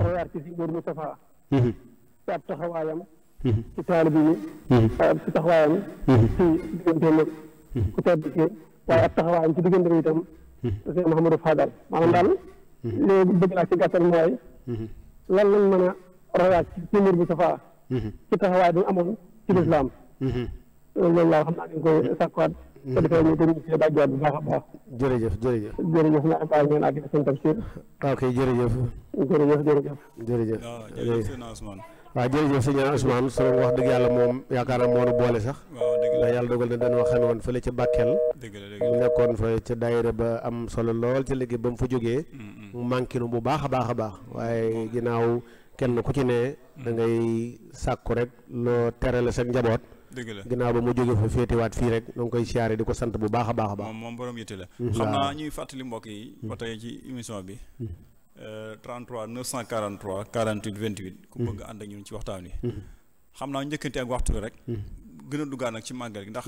a reyaar ci si góor Moustapha ci ab taxawaayam ci taalibe yi ci taxawaayam ci diggante nag ku tedd ki waaye ab taxawaayam ci diggante itam Cheikh Mouhamadou Fadal maanaam daal léegi bëgg laa ci gàttal mooy lan lañ mën a royaat ci numéro bi safaa ci taxawaay bi amoon ci lislaam loolu laa xam naa dañ koy sàkkuwaat te defee ñu dañu ci bàjjaat bu baax a baax jërëjëf jërëjëf jërëjëf naa bàyyi ngeen àgg seen tafsir ok waaw jërëjëf sëñ su solo wax dëgg yàlla moom yaakaar naa moo nu boole sax ndax yàlla dogal na dañoo xame woon fële ca Bakel mu nekkoon fa ca daayira ba am solo lool ca liggéey ba mu fa jógee mu manqué nu bu baax a baax a baax waaye ginnaaw kenn ku ci ne da ngay sàkku rek loo terale sa njaboot dëgg la ginnaaw ba mu jóge fa féetewaat fii rek da koy siyaare di ko sant bu baax a baax a baax moom moom borom la mm-hmm. xam naa ñuy fàttali mbokk yi ba tey ci émission bi mm-hmm. 33 943 48 28. ku mm-hmm. bëgg ànd ak ñun ci waxtaan mm-hmm. xam naa njëkkante ak waxtu wi rek. Mm-hmm. gën a duggaan nag ci màggal gi ndax.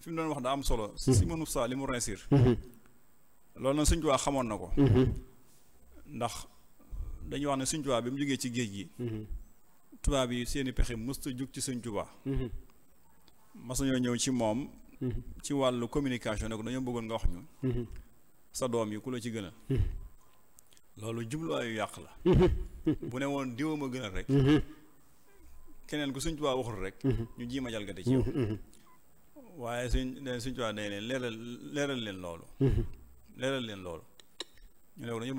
fi doon wax da am solo. si mënu saa li mu rinsir. loolu na Sëñ Tuubaa xamoon na ko. ndax dañuy wax ne suñ Tuubaa bi mu jógee ci géej gi. tubaab yi seeni pexe mësta jug ci Sëñ Tuubaa. mas nañoo ñëw ci moom. ci wàllu communication ne ko dañoo bëggoon nga wax ñu. sa doom yi ku la ci gën loolu jubluwaayu yàq la [LAUGHS] bu ne woon diwa ma gënal rek keneen ku suñ tubaa waxul rek ñu jii ma jalgati ci waaye suñ suñ tubaa day leen leeral leeral leen loolu leeral leen loolu ñu ne dañu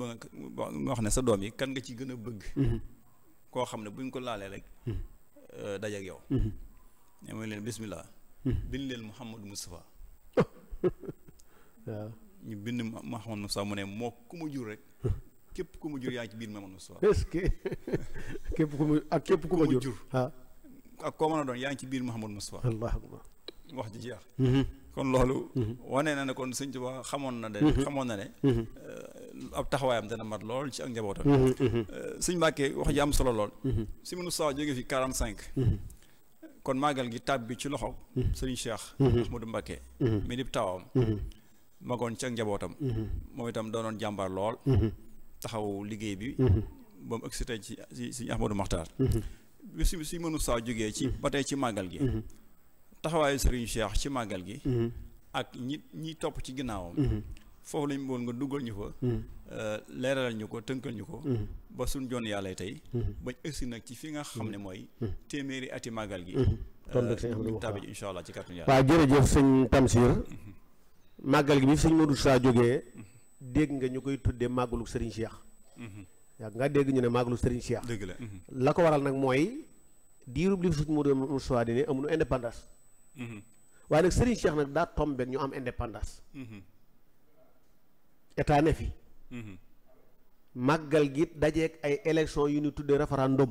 wax ne sa doom yi kan nga ci gën a bëgg koo xam ne buñ ko laalee rek euh, daje yow ne mooy leen bismillah bind leen Mouhamadou Moustapha [LAUGHS] waaw ñu bind Mouhamadou Moustapha mu ne moo mu jur rek képp ku mu jur yaa ngi ci biir Mamadou Moustapha. [LAUGHS] ku mu ak ku ma jur ah. ak koo mën a doon yaa ngi ci biir Mamadou Moustapha. allah akbar wax ji jeex. Mm-hmm. kon loolu. Mm-hmm. wane na ne kon sëñ Tuubaa xamoon na de. Mm-hmm. xamoon na ne. Eh, ab taxawaayam dana mat lool ci ak njabootam. Eh, sëñ Mbàkke wax ji am solo lool. si Mamadou Moustapha jógee fi 45. kon màggal gi tàbbi ci loxo. sëñ Cheikh. Ahmadou Mbàkke. mi di tawam. magoon ci ak njabootam. moom itam doonoon jàmbaar lool. taxaw liggéey bi mhm. ba mu ëgsi tey ci si Ahmadou Maxtaar mhm. bi si si mënu saa jógee ci mhm. ba tey ci màggal gi taxawaayu Serigne Cheikh ci màggal gi ak ñi ñi topp ci ginnaawam foofu lañ mboon nga duggal ñu fa euh, leeralal ñu ko tënkal ñu ko ba suñ jon yàlla tey bañ ëgsi nag ci fi nga xam ne mooy téeméeri ati màggal gi euh, tàbbi insha allah ci kàttan yàlla waaw jërëjëf sëñ Tamsir màggal gi bi sëñ Modou Sa jógee dégg nga ñu koy tuddee màggalu Serigne Cheikh. Mhm. yaa nga dégg ñu ne màggalu Serigne Cheikh. dëgg la mhm. la ko waral nag mooy diirub li suñu Modou Moustapha di ne amuñu indépendance. Mhm. waaye nag Serigne Cheikh nag daa tombe ñu am indépendance. état ne fi. màggal gi dajeeg ay élection yu ñu tuddee référendum.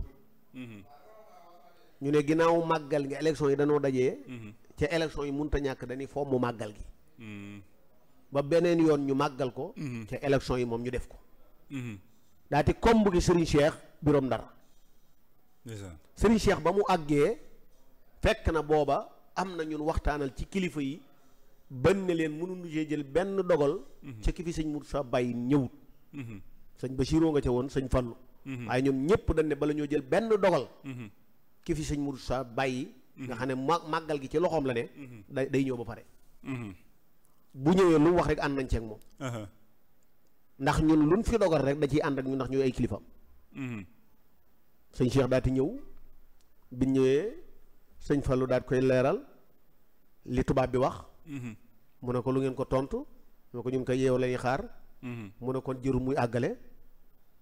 ñu ne ginnaaw màggal gi élection yi danoo dajee. ca élection yi mënut a ñàkk dañuy fomm màggal gi. ba beneen yoon ñu màggal ko ca mhm. élection yi moom ñu def ko mhm. daati comme bu gi Serigne Cheikh biroom ndar Serigne Cheikh ba mu àggee fekk na booba am na ñun waxtaanal ci kilifa yi ban ne leen mënuñu cee jël benn dogal mhm. ca ki fi sëñ Moussa Baye ñëwut sëñ Bachiroo nga ca woon sëñ Fallu ñoom ñëpp dañ ne bala ñoo jël benn dogal ki fi sëñ Moussa Baye nga xam ne màggal gi ci loxoom la ne day ñëw ba pare bu ñëwee lu wax rek ànd nañ ceeg moom. Uh-huh. ndax ñun luñ fi dogal rek da ciy ànd ak ñu ndax ñooy ay kilifaam. Mm-hmm. sëñ Cheikh daal di ñëw bi ñëwee sëñ Fallou daal koy leeral li tubaab bi wax. Mm-hmm. mu ne ko lu ngeen ko tontu mu ne ko ñun koy yeew lañuy xaar. Mm-hmm. mu ne kon jëru muy àggale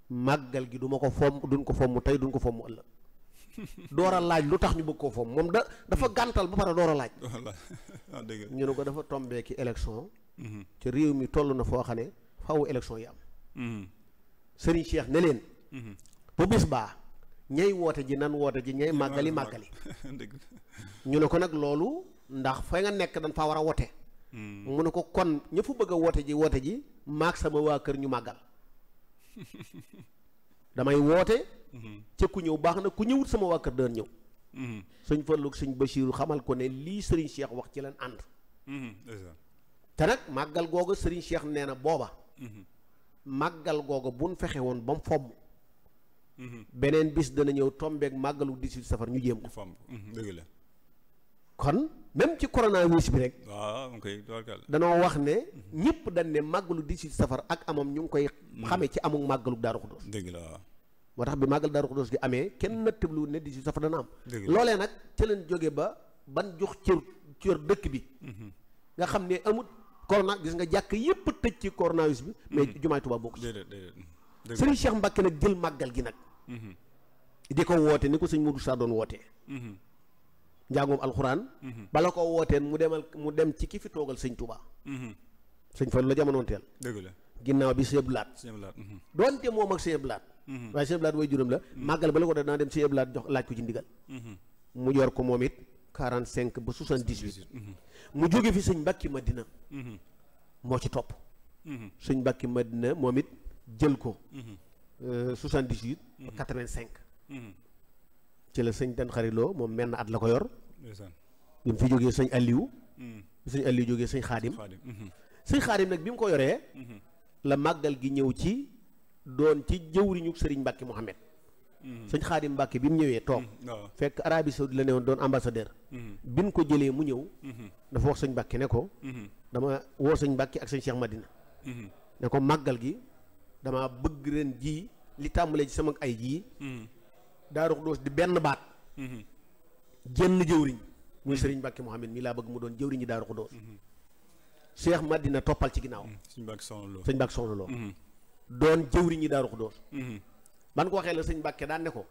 màggal gi du ma ko fomm duñ ko fomm tey duñ ko fomm ëllëg. door a laaj lu tax ñu bëgg koo foofu moom da dafa hmm. gàntal ba pare door laaj. [LAUGHS] ñu ne ko dafa tombee ki élection. Hmm. ci réew mi toll na foo xam ne faw élection yi am. Hmm. Serigne Cheikh ne leen. bu bis baa ñay woote ji nan woote ji ñay màggali màggali. [LAUGHS] ñu ne ko nag loolu ndax fa nga nekk dañ faa war a woote. mu ne ko kon ña fu bëgg a woote ji woote ji maag sama waa kër ñu màggal. [LAUGHS] damay woote. Mhm. ca ku ñëw baax na ku ñëwut sama waa kër daan ñëw. Mhm. sëñ Fallu sëñ Bachir xamal ko ne lii Serigne Cheikh wax ci leen ànd. Mhm, te nag màggal googa Serigne Cheikh nee na booba. màggal googa bu nu fexe woon ba mu fomm. beneen bis dana ñëw tombeek màggalu 18 safar ñu jéem ko. dëgg la kon. même ci coronavirus bi rek. waaw ok danoo wax ne. ñëpp dañ ne màggalu di si safar ak amam ñu ngi koy. Mm. xame ci amul màggalu Daaru Xuddoos. dëgg la moo tax bi màggal Daaru Xuddoos bi amee kenn nattablu ne 18 safar dana am. loolee nag ca leen jóge ba ban jox cër cër dëkk bi. Mm-hmm. nga xam ne amut corona gis nga jàkk yëpp tëj ci coronavirus bi. mais mm-hmm. jumaay Tuubaa bokk ci. déedéet déedéet. Serigne Cheikh nag jël màggal gi nag. Mm-hmm. di ko woote ni ko sëñ Modou Sa doon wootee. njàngum alxuraan. Mhm. bala ko wooteen mu demal mu dem ci ki fi toogal sëñ Touba. Mhm. sëñ Fallu la jamonoon teel. dëgg la ginnaaw bi sëñ Blaat. sëñ Blaat mhm. doonte moom ak sëñ Blaat. waaye sëñ Blaat way juróom la. màggal bala ko def dana dem sëñ Blaat jox laaj ko ci ndigal. mu yor ko moom it 45 ba 78. mu jóge fi sëñ Mbàkki Madina. moo ci topp. sëñ Mbàkki Madina moom it jël ko. 78 euh, ba 85. ci la sëñ tan xariloo moom menn at la ko yor bi mu fi jógee sëñ Aliou mm. bi sëñ Aliou jógee sëñ xaadim sëñ xaadim mm-hmm. nag bi mu ko yoree mm-hmm. la màggal gi ñëw ci doon ci jëwriñu sëriñ Mbàkke Mohamed mm-hmm. sëñ xaadim Mbàkke bi mu ñëwee toog fekk Arabie Saoudite la ne woon doon bi mu ko jëlee mu ñëw dafa wax sëñ Mbàkke ne ko dama woo sañ Mbàkke ak sañ Cheikh Madina ne ko màggal gi dama bëgg ren ji li tàmbalee ci sama ay ji Daaru Xudoos di benn baat mhm. jenn jëwriñ muy mhm. sëriñ Mbàkke Mouhamed mii laa bëgg mu doon jëwriñu Daaru Xudoos mhm. Cheikh maddina toppal ci ginnaaw sëñ Mbàkke Soxna Lo sëñ Mbàkke Soxna Lo doon jëwriñu Daaru Xudoos ban ko waxee la sëñ Mbàkke daan ne ko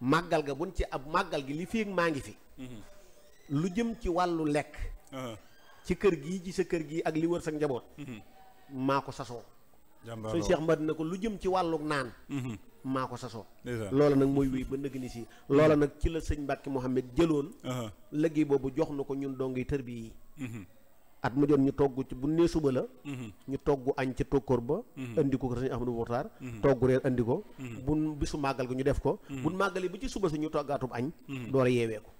màggal ga buñ ci ab màggal gi li fii maa ngi fi lu jëm ci wàllu lekk ah. ci kër gi ci sa kër gii ak li wër sa njaboot maa ko sasoo sëñ Cheikh Mbad na ko lu jëm ci wàllug naan mhm. maa ko sasoo loola nag mooy wéy ba nëg ni si loola nag ci la sëñ Mbàkke Mohamed jëloon léegi boobu jox na ko ñun dongi tër bi yi mhm. at mu jot ñu togg ci bu nee suba la mhm. ñu togg añ ca tokkoor ba indi ko sëñ Ahmadou Bokhtar togg reer indi ko bu bisu màggal gi ñu def ko bu màggalee bi ci suba si ñu toggaatub añ door a yeewee ko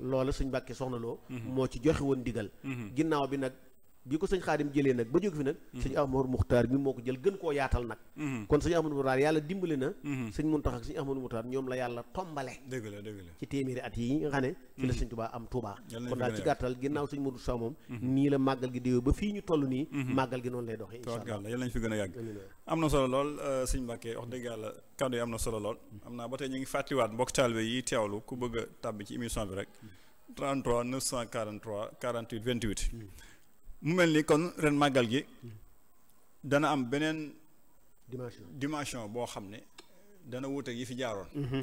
loola sëñ Mbàkke soxna loo moo ci joxe woon digal ginnaaw bi nag bi ko sëñ xaadim jëlee nag ba jóg fi nag mhm. sëñ ahmadou muxtaar bi moo ko jël gën koo yaatal nag mhm. kon sëñ ahmadou muxtaar yàlla dimbali na mhm. sëñ muntaxa ak sëñ ahmadou muxtaar ñoom la yàlla tombale ci téeméeri at yi nga xam ne ci la sëñ tubaa am tubaa kon daal ci gàttal ginnaaw sëñ modou sa moom nii la màggal gi déwee ba fii ñu toll nii màggal gi noonu lay doxee insha allah yàlla nañ fi gën a yàgg lool euh, sëñ mbàkke wax dëgg yàlla kàddu am naa ba ñu ngi fàttaliwaat a tàbbi ci émission bi rek 33 943 48 28 mu mel ni kon ren màggal gi dana am beneen dimension boo xam ne dana wuuteeg yi fi jaaroon mm-hmm.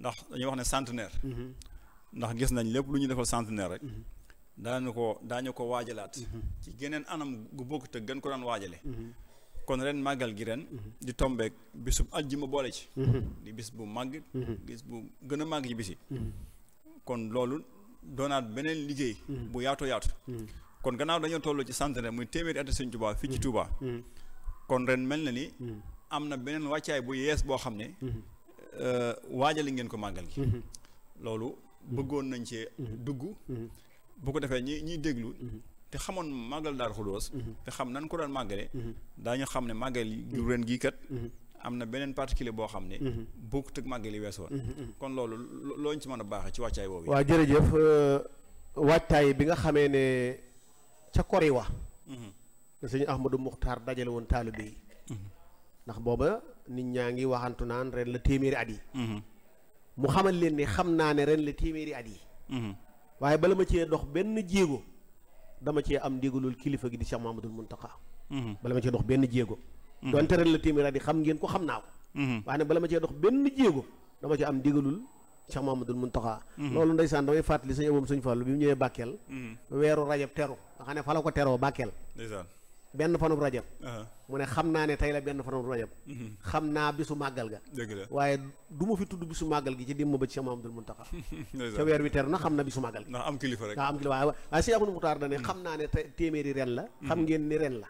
ndax dañu wax ne centenaire mm-hmm. ndax gis nañ lépp lu ñu defal centenaire rek mm-hmm. daañu ko daañu ko waajalaat ci geneen anam gu bokk te gën ko daan waajale kon ren màggal gi ren di tombeek bisub aljuma boole ci di bis bu màgg bis bu gën a màgg ci bisi kon loolu doonaat beneen liggéey bu yaatu yaatu kon gannaaw dañoo toll ci centenaire muy téeméeri ati sëñ Touba fii ci Touba. Mm-hmm. kon ren mel na ni. Mm-hmm. am na beneen wàccaay bu yees boo xam ne. Mm-hmm. Euh, li ngeen ko màggal gi. loolu bëggoon nañ cee. dugg. bu ko defee ñi ñiy déglu. te xamoon màggal Daaru Xudoos te xam nan ko daan màggale daañu xam ne màggal yu ren gii kat am na beneen particulier boo xam ne bokk teg màggal yi weesoon kon loolu looñ ci mën a baax ci wàccaay boobu waaw jërëjëf euh, waajtaay bi nga ca kori wa la mm-hmm. sëñ Ahmadou Muxtaar dajale woon taalibe yi mm-hmm. ndax booba nit ñaa ngi waxantu naan ren la téeméeri at yi mm-hmm. mu xamal leen ni xam naa ne ren la téeméeri at yi waaye bala ma cee dox benn jéego dama cee am ndigalul kilifa gi di Cheikh Mamadou Mountakha bala ma cee dox benn jéego donte ren la téeméeri at yi xam ngeen ko xam naa ko waaye nag bala ma cee dox benn jéego dama cee am ndigalul Cheikh Mamadou Mountakha loolu ndeysaan damay fàttali sëñ amoom sëñ Fallou bi mu ñëwee bàkkeel weeru rajab teru nga xam ne fa la ko teroo Bakel. ndeysaan benn fanub rajab uh-huh. mu ne xam naa ne tey la benn fanub rajab mm-hmm. xam naa bisu màggal ga waaye du ma fi tudd bisu màggal gi ci dimb ba ci sama Abdul [LAUGHS] na ndax am kilifa rek am kilifa waaye si axul mutaar dane mm-hmm. xam naa ne te téeméeri ren la mm-hmm. xam ngeen ni ren la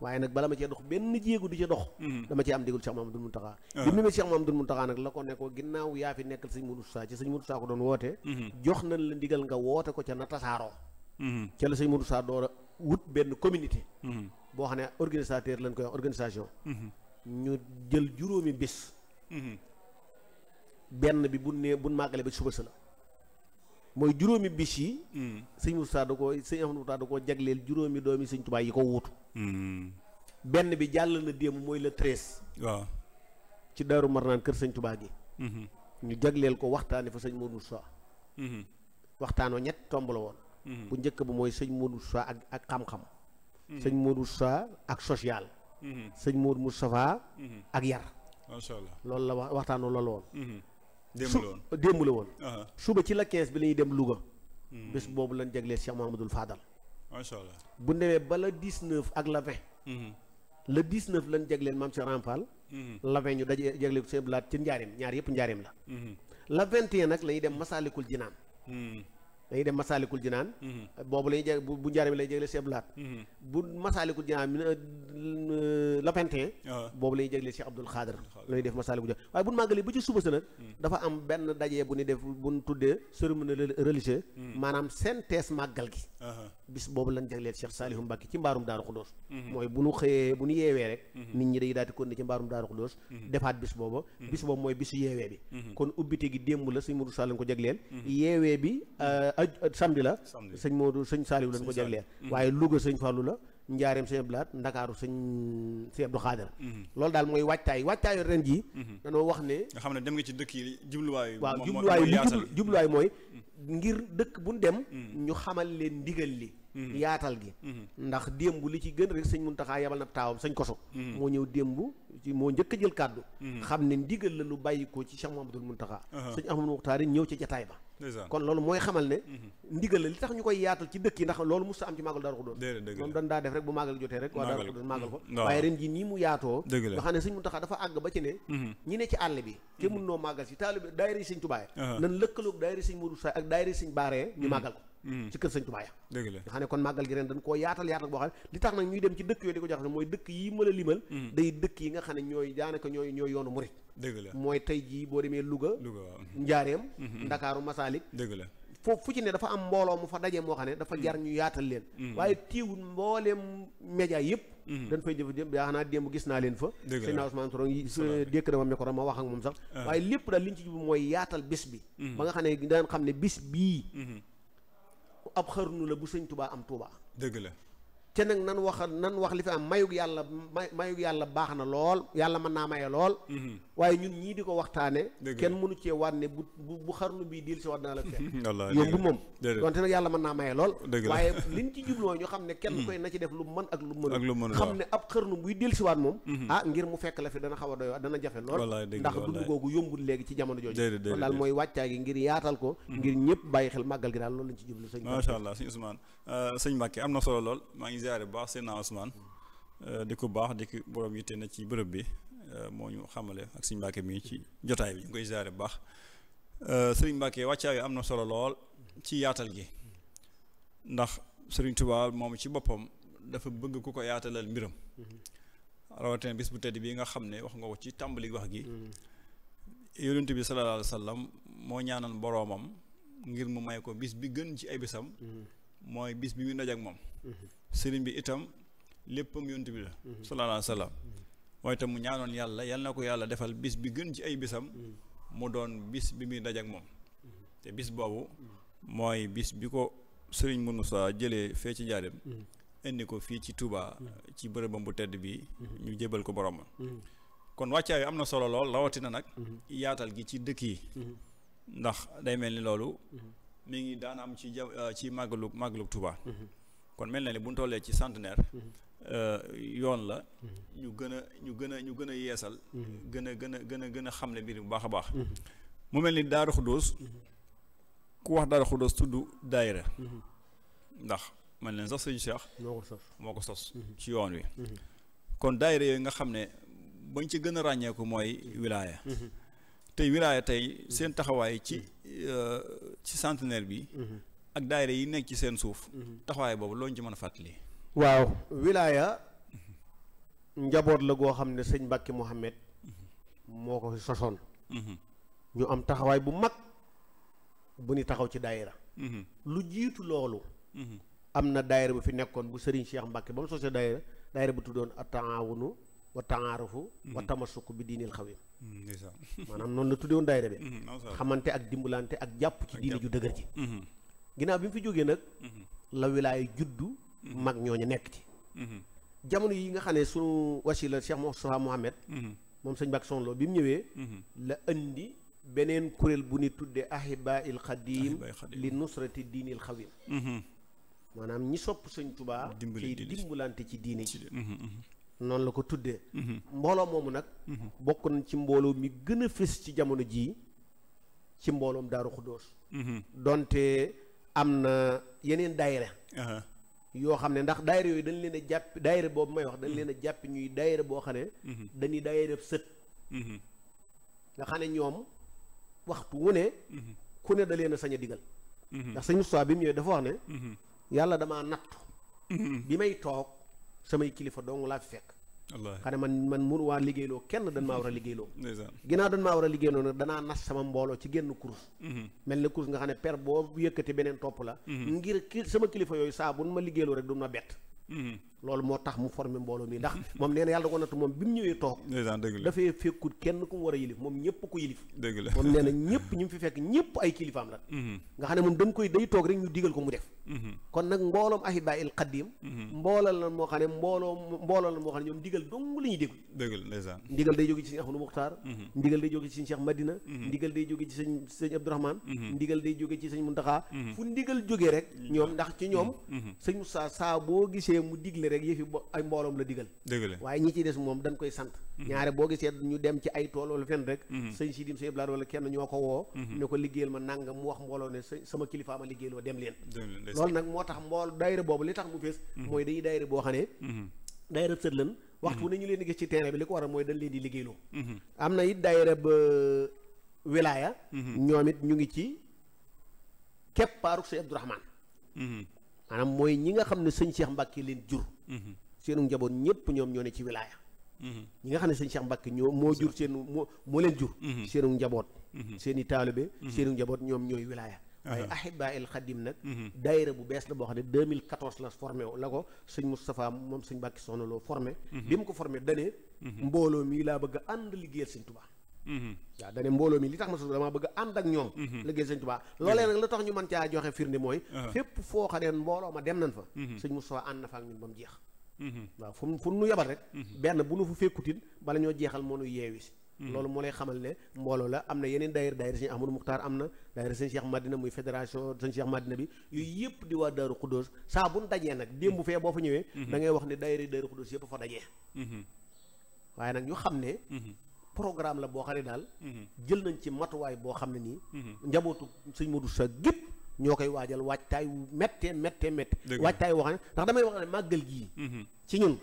waaye nag bala ma cee dox benn jéegu di ca dox dama cee am digul Cheikh Mamadou Mountakha uh-huh. bi mu ne Cheikh Mamadou Mountakha nag la ko ne ko ginnaaw yaa fi nekkal sëñ Moustapha ci sëñ Moustapha ko doon woote jox nañ la ndigal nga woote ko ca na tasaaroo Mm-hmm. ca la sëñ Modou saa door a wut benn communité mm-hmm. boo xam ne organisateur lañ koy organisation mm-hmm. ñu jël juróomi bis benn bi bu nee bu màggale ba suba sa la mooy juróomi bis yi sëñ Modou Sa da ko sëñ Ahmadou Moukhtar da ko jagleel juróomi doomi sëñ Tuubaa yi ko wuutu benn bi jàll na démb mooy le treize waaw ci daaru marnaan kër sëñ Tuubaa gi ñu jagleel ko waxtaane fa sëñ Modou Sa waxtaanoo ñett tomb la woon Mhm. bu njëkk bi mooy sëñ Modou Moustapha ak ak xam-xam mhm. mhm. sëñ Modou Moustapha ak social sëñ Modou Moustapha ak yar macha allah loolu la wax waxtaanoo loolu woon démb la woon uh-huh. suba ci la 15 bi la ñuy dem Louga bés boobu lañ jagleel Cheikh Mahamadul Fadal macha allah bu demee ba la 19 ak la 20 le 19 lañ jagleel maam si Rampal la vin ñu daje jagleel seen blaat ci njaareem ñaar yëpp njaareem la la 21 nag la ñuy dem Masaalikul Jinaan dañuy dem masaalikul jinaan mhm. boobu lañuy jeg bu njaareem lay jegle si Abdou Lahat mhm. bu masaalikul jinaan mi euh, euh, Lapentin ah. boobu la ñuy jegle si Abdul Xaadir la ñuy def masaalikul jinaan waaye bu màggalee ba ci suba sa nag mhm. am benn dajee bu ñu def bu ñu tuddee cérémonie religieuse maanaam synthèse màggal gi bis boobu lañ jagleel Cheikh Saalihu Mbàkke ci mbaarum Daaru Xuddoos mooy bu ñu xëyee bu ñu yeewee rek nit ñi day daal di continuer ci mbaarum Daaru Xuddoos defaat bis booba bis boobu mooy bisu yeewee bi kon ubbite gi démb la suñ Mudu Sall ko jagleel yeewee bi euh, samedi la sëñ Modou sëñ Saliou lañ ko jagleel mm-hmm. waaye Louga sëñ Fallou la njaareem sëñ Abdou Lahad Ndakaaru sëñ sëñ Abdou Khader mm-hmm. loolu daal mooy waajtaay waajtaayu ren jii mm-hmm. dañoo wax ne nga xam ne dem nga ci dëkk yi jubluwaay waaw jubluwaay li jubluwaay mooy ngir dëkk bu ñu dem ñu xamal leen ndigal li yaatal gi ndax démb li ci gën rek sëñ Muntaxa yabal na taawam sëñ koso moo ñëw démb ci moo njëkk a jël kàddu xam ne ndigal la lu bàyyi ko ci Cheikh Mamadou Muntaxa uh-huh. sëñ Ahmadou Muxtaar ñëw ci jataay ba kon loolu mooy xamal ne mhm. ndigal la li tax ñu koy yaatal ci dëkk yi ndax loolu musta am ci màggal Daaru Xudoos moom dan daa def rek bu màggal jotee rek waa Daaru Xudoos màggal ko mm, waaye ren ji nii mu yaatoo nga xam ne sëñ Muntaxa ba ci ne mhm. ñi ne ci Saay uh-huh. ak daayira sëñ Baare ñu mhm. màggal ko ci kër sëñ Tuubaa dëgg xam ne kon màggal gi ren dañ koo yaatal yaatal boo xam ne li tax nag ñuy dem ci dëkk yooyu di ko jox mooy dëkk yi ma la day dëkk yi nga xam ne ñooy daanaka ñooy ñooy yoonu murit dëgg la mooy tey jii boo demee Louga. Louga [LAUGHS] Njaareem. Mhm. Ndakaaru Masaalik. dëgg la foofu fu ci ne dafa am mbooloo mu fa dajee moo xam ne dafa jar ñu yaatal leen. Mhm. waaye tiiwul mbooleem média yëpp. Mhm. dan fay jëf jëm yaa xanaa démb gis naa leen fa. dëgg la sëñ Ousmane Sourang yi euh, dékk wax ak moom sax. Ah. waaye lépp daal li ñu ci yaatal bis bi. ba nga xam ne daan xam ne bis bii. ab xarnu la bu sëñ Touba am Touba. dëgg la. te nag nan wax nan wax li fi am mayug yàlla mayug yàlla baax na lool yàlla mën naa maye lool. waaye ñun ñii di ko waxtaane kenn mënu cee wànne bu bu xarnu bii diil si war naa la fekk [LAUGHS] yombu moom donte nag yàlla mën naa maye lool waaye liñ ci ne kenn mm. koy na ci def lu mën ak lu mën xam ne ab xarnu buy diil si waat moom mm-hmm. ah mu fekk la dana xaw a doy jafe lool ndax dund googu yombul léegi ci jamono jooju kon daal mooy wàccaa gi ngir yaatal ko mm-hmm. ngir ñëpp bàyyi xel màggal gi daal lool lañ ci jublu sëñ macha allah sëñ Ousmane euh, sëñ Mbàkke am na solo lool maa ngi ziare bu baax seen naa Ousmane euh, di ko baax di ko borom yitte na ci bërëb bi Euh, moo ñu xamale ak sëñ Mbàkke mii ci jotaay bi ñu koy ziare bu baax euh, sëriñ Mbàkke wàccaay am na solo lool ci yaatal gi ndax sëriñ Tuubaa moom ci boppam dafa bëgg ku ko yaatalal mbiram rawatina bis bu tedd bii nga xam ne wax nga ko ci tàmbali wax gi yonent bi sallallahu alayhi wa moo ñaanal boroomam ngir mu ko bis bi gën ci ay bisam mooy bis bi mu ak moom mhm. bi itam léppam yonent bi mhm. mooy itam mu ñaanoon yàlla yal na ko yàlla defal bis bi gën ci ay bisam mu doon bis bi muy dajak moom te bis boobu mooy bis bi ko sëriñ Moussa jëlee fee ci njaareem indi ko fii ci tubaa ci bërëbam bu tedd bi ñu jébal ko borom kon wàccaay am na solo lool rawatina nag yaatal gi ci dëkk yi ndax day mel ni loolu mi ngi daan am ci ja ci màggalu màggalu Touba kon mel na ni bu ñu tollee ci centenaire mhm. euh, yoon la mhm. ñu gën a ñu gën a ñu gën a yeesal mhm. gën a gën a gën a gën a xamle mbir bu baax a baax mu mel ni Daaru Xudóos ku wax Daaru Xudóos tudd daayira ndax man leen sax sëñ Cheikh moo ko sos ci yoon wi kon daayira yooyu nga xam ne bañ ci gën a ràññeeku mooy wilaaya tey wilaaya tey seen taxawaay ci euh, ci centenaire bi ak daayira yi nekk ci seen suuf. Mhm. taxawaay boobu looñu ci mën a fàttali. waaw wilaya mhm. njaboot la goo xam ne sëñ Mbacke Mouhamed mhm. moo ko sosoon. ñu am taxawaay bu mag bu ñu taxaw ci daayira. lu jiitu loolu. am na daayira bu fi nekkoon bu Serigne Cheikh Mbacke ba mu sosee daayira daayira bu tuddoon at-taawunu wa taarufu wa tamasuk bi diinil xawim maanaam noonu la tuddewoon daayira bi [LAUGHS] xamante ak dimbalante ak jàpp ci diini ju dëgër ji ginnaaw bi mu fi jógee nag. Mhm. la wilaay juddu. Mhm. mag ñooñu nekk ci. Mhm. jamono yi nga xam ne sunu la Cheikh Moustapha Mohamed. moom sañ Mbàkke Soxna bi mu ñëwee. la andi beneen kuréel bu ni tuddee ahibaa il xadiim li nusrati diinil xawim. maanaam ñi sopp sëñ Tubaa. dimbali ci ci diine ji. noonu la ko tuddee. mbooloo moomu nag. bokk nañ ci mbooloo mi gën a fës ci jamono jii ci mbooloom Daaru Xuddoos. donte. am na yeneen dayre yoo xam ne ndax daayira yooyu dañ leen a jàpp daayira boobu may wax dañ leen a jàpp ñuy dayre boo xam ne mhm. dañuy daayira sët mhm. nga xam ne ñoom waxtu wu ne mhm. ku ne da leen sañ a digal ndax sëñ Moustapha bi mu ñëwee dafa wax ne yàlla damaa nattu bi may toog samay kilifa dong laa fekk xane man man mun waa liggéeyloo kenn dañ maa war a liggéeyloo ginnaaw dañ maa war a liggéeyloo nag danaa nas sama mbooloo ci génn course mhm. mel ni course nga xam ne per boo yëkkati beneen topp la mhm. ngir ki sama kilifa yooyu saa bu ma liggéeyloo rek du ma bett mhm. loolu moo tax mu formé mbooloo mi ndax moom nee na yàlla da ko natt moom bi mu ñëwee toog dafay fekkut kenn ku mu war a yilif moom ñëpp ko yilif moom nee na ñëpp mu fi fekk ñëpp ay kilifaam la mm-hmm. nga xam ne moom dañ koy day toog rek ñu digal ko mu def mm-hmm. kon nag mbooloom ahibaa il xaddiim mm-hmm. mbooloo la moo xam ne mbooloo mbooloo la moo xam ne ñoom ndigal dong la ñuy déglu dëgg la ndeysaan ndigal day jóge ci sëñ Ahmadou Muxtaar ndigal day jóge ci sëñ Cheikh Madina ndigal day jóge ci sëñ sëñ Abdourahmane ndigal boo gisee mu digle rek yëfi ay mbooloom la digal waaye ñi ci des moom dañ koy sant mhm. ñaare boo gisee ñu dem ci ay tool wala fenn rek mhm. sëñ si dim sëñ blaad wala kenn ñoo ko woo mhm. ne ko liggéeyal ma nangam mu wax mbooloo ne sama kilifaa ma liggéeyal ma dem leen loolu nag moo tax mbool daayira boobu li tax mu fees mooy dañuy daayira boo xam ne daayira sët lan waxtu nañu leen di gis ci terrain bi ko waral mooy dañ leen di am na it daayira ba wilaaya ñoom it ñu ngi ci képp paaruk sëñ Abdourahmane maanaam mooy ñi nga xam ne sëñ Cheikh Mbacke leen jur Mm-hmm. seenu njaboot ñëpp ñoom ñoo ne ci wilaaya mm-hmm. ñi nga xam ne sëñ Cheikh Mbacke ñoo moo jur seen moo moo leen jur mm-hmm. seenu njaboot seen i taalibe seenu njaboot ñoom ñooy wilaaya waaye ah, ahibaa el xadim nag daayira bu bees la boo xam ne 2014 la formé la ko sëñ Moustapha moom sëñ Mbacke soxna loo formé bi mu ko formé danee mbooloo mii laa bëgg a ànd liggéeyal sëñ Tuubaa Mm-hmm. waaw dane mbooloo mi li tax ma sos damaa bëgg a ànd ak ñoom mm-hmm. liggéey sëñ Tuubaa loolee nag la tax ñu man caa joxe firnde mooy uh-huh. fépp foo xamee ma dem nañ fa mm-hmm. sëñ Moustapha ànd na fa ak ñun ba mu jeex waaw fu fu bu nu fu ñoo jeexal moo nu yeewi loolu moo lay xamal ne mbooloo la am na yeneen daayira daayira sëñ Ahmadou Muxtaar am na daayira sëñ Cheikh Madina muy fédération sëñ Cheikh Madina bi yooyu yëpp di waa Daaru Xuddoos saa bu nu dajee nag démb fee boo fa ñëwee da ngay wax ne daayira Daaru Xuddoos yëpp fa daje waaye nag ñu xam ne programme la boo xam ne daal. Mhm. jël nañ ci matuwaay boo xam ne nii. Mhm. njabootu sëñ Modou sa gépp ñoo koy waajal waajtaay wu méttee méttee métti. waajtaay woo ndax damay wax ne màggal gii. Mhm. ci ñun.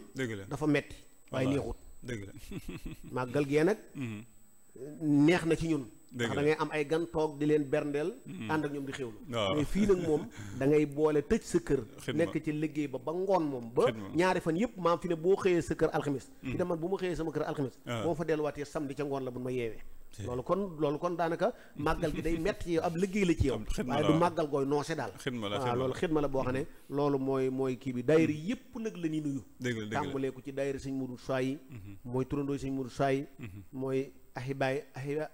dafa metti waaye neexut. dëgg [LAUGHS] màggal gee nag. neex na ci ñun. ndax da am ay gan toog di leen berndeel mm-hmm. ànd ak ñoom di xéwlu ah. mais fii nag moom [LAUGHS] da ngay boole tëj sa kër nekk ci liggéey ba ba ngoon moom ba ñaari fan yëpp maam fi ne boo xëyee sa kër alxamis mm-hmm. fi man bu ma xëyee sama kër alxamis ah. boo fa delluwaatee samedi ca ngoon la bu ma yeewee loolu kon loolu kon daanaka [LAUGHS] màggal gi day metti yow ab liggéey la ci yow waaye du màggal gooy noose daal waaw loolu xidma la boo xam ne mm-hmm. loolu mooy mooy kii bi daayira yëpp nag la ñuy nuyu tàmbalee ko ci daayira sëñ Modou Soye yi mooy turandooy sëñ Modou Soye yi mooy ahibaay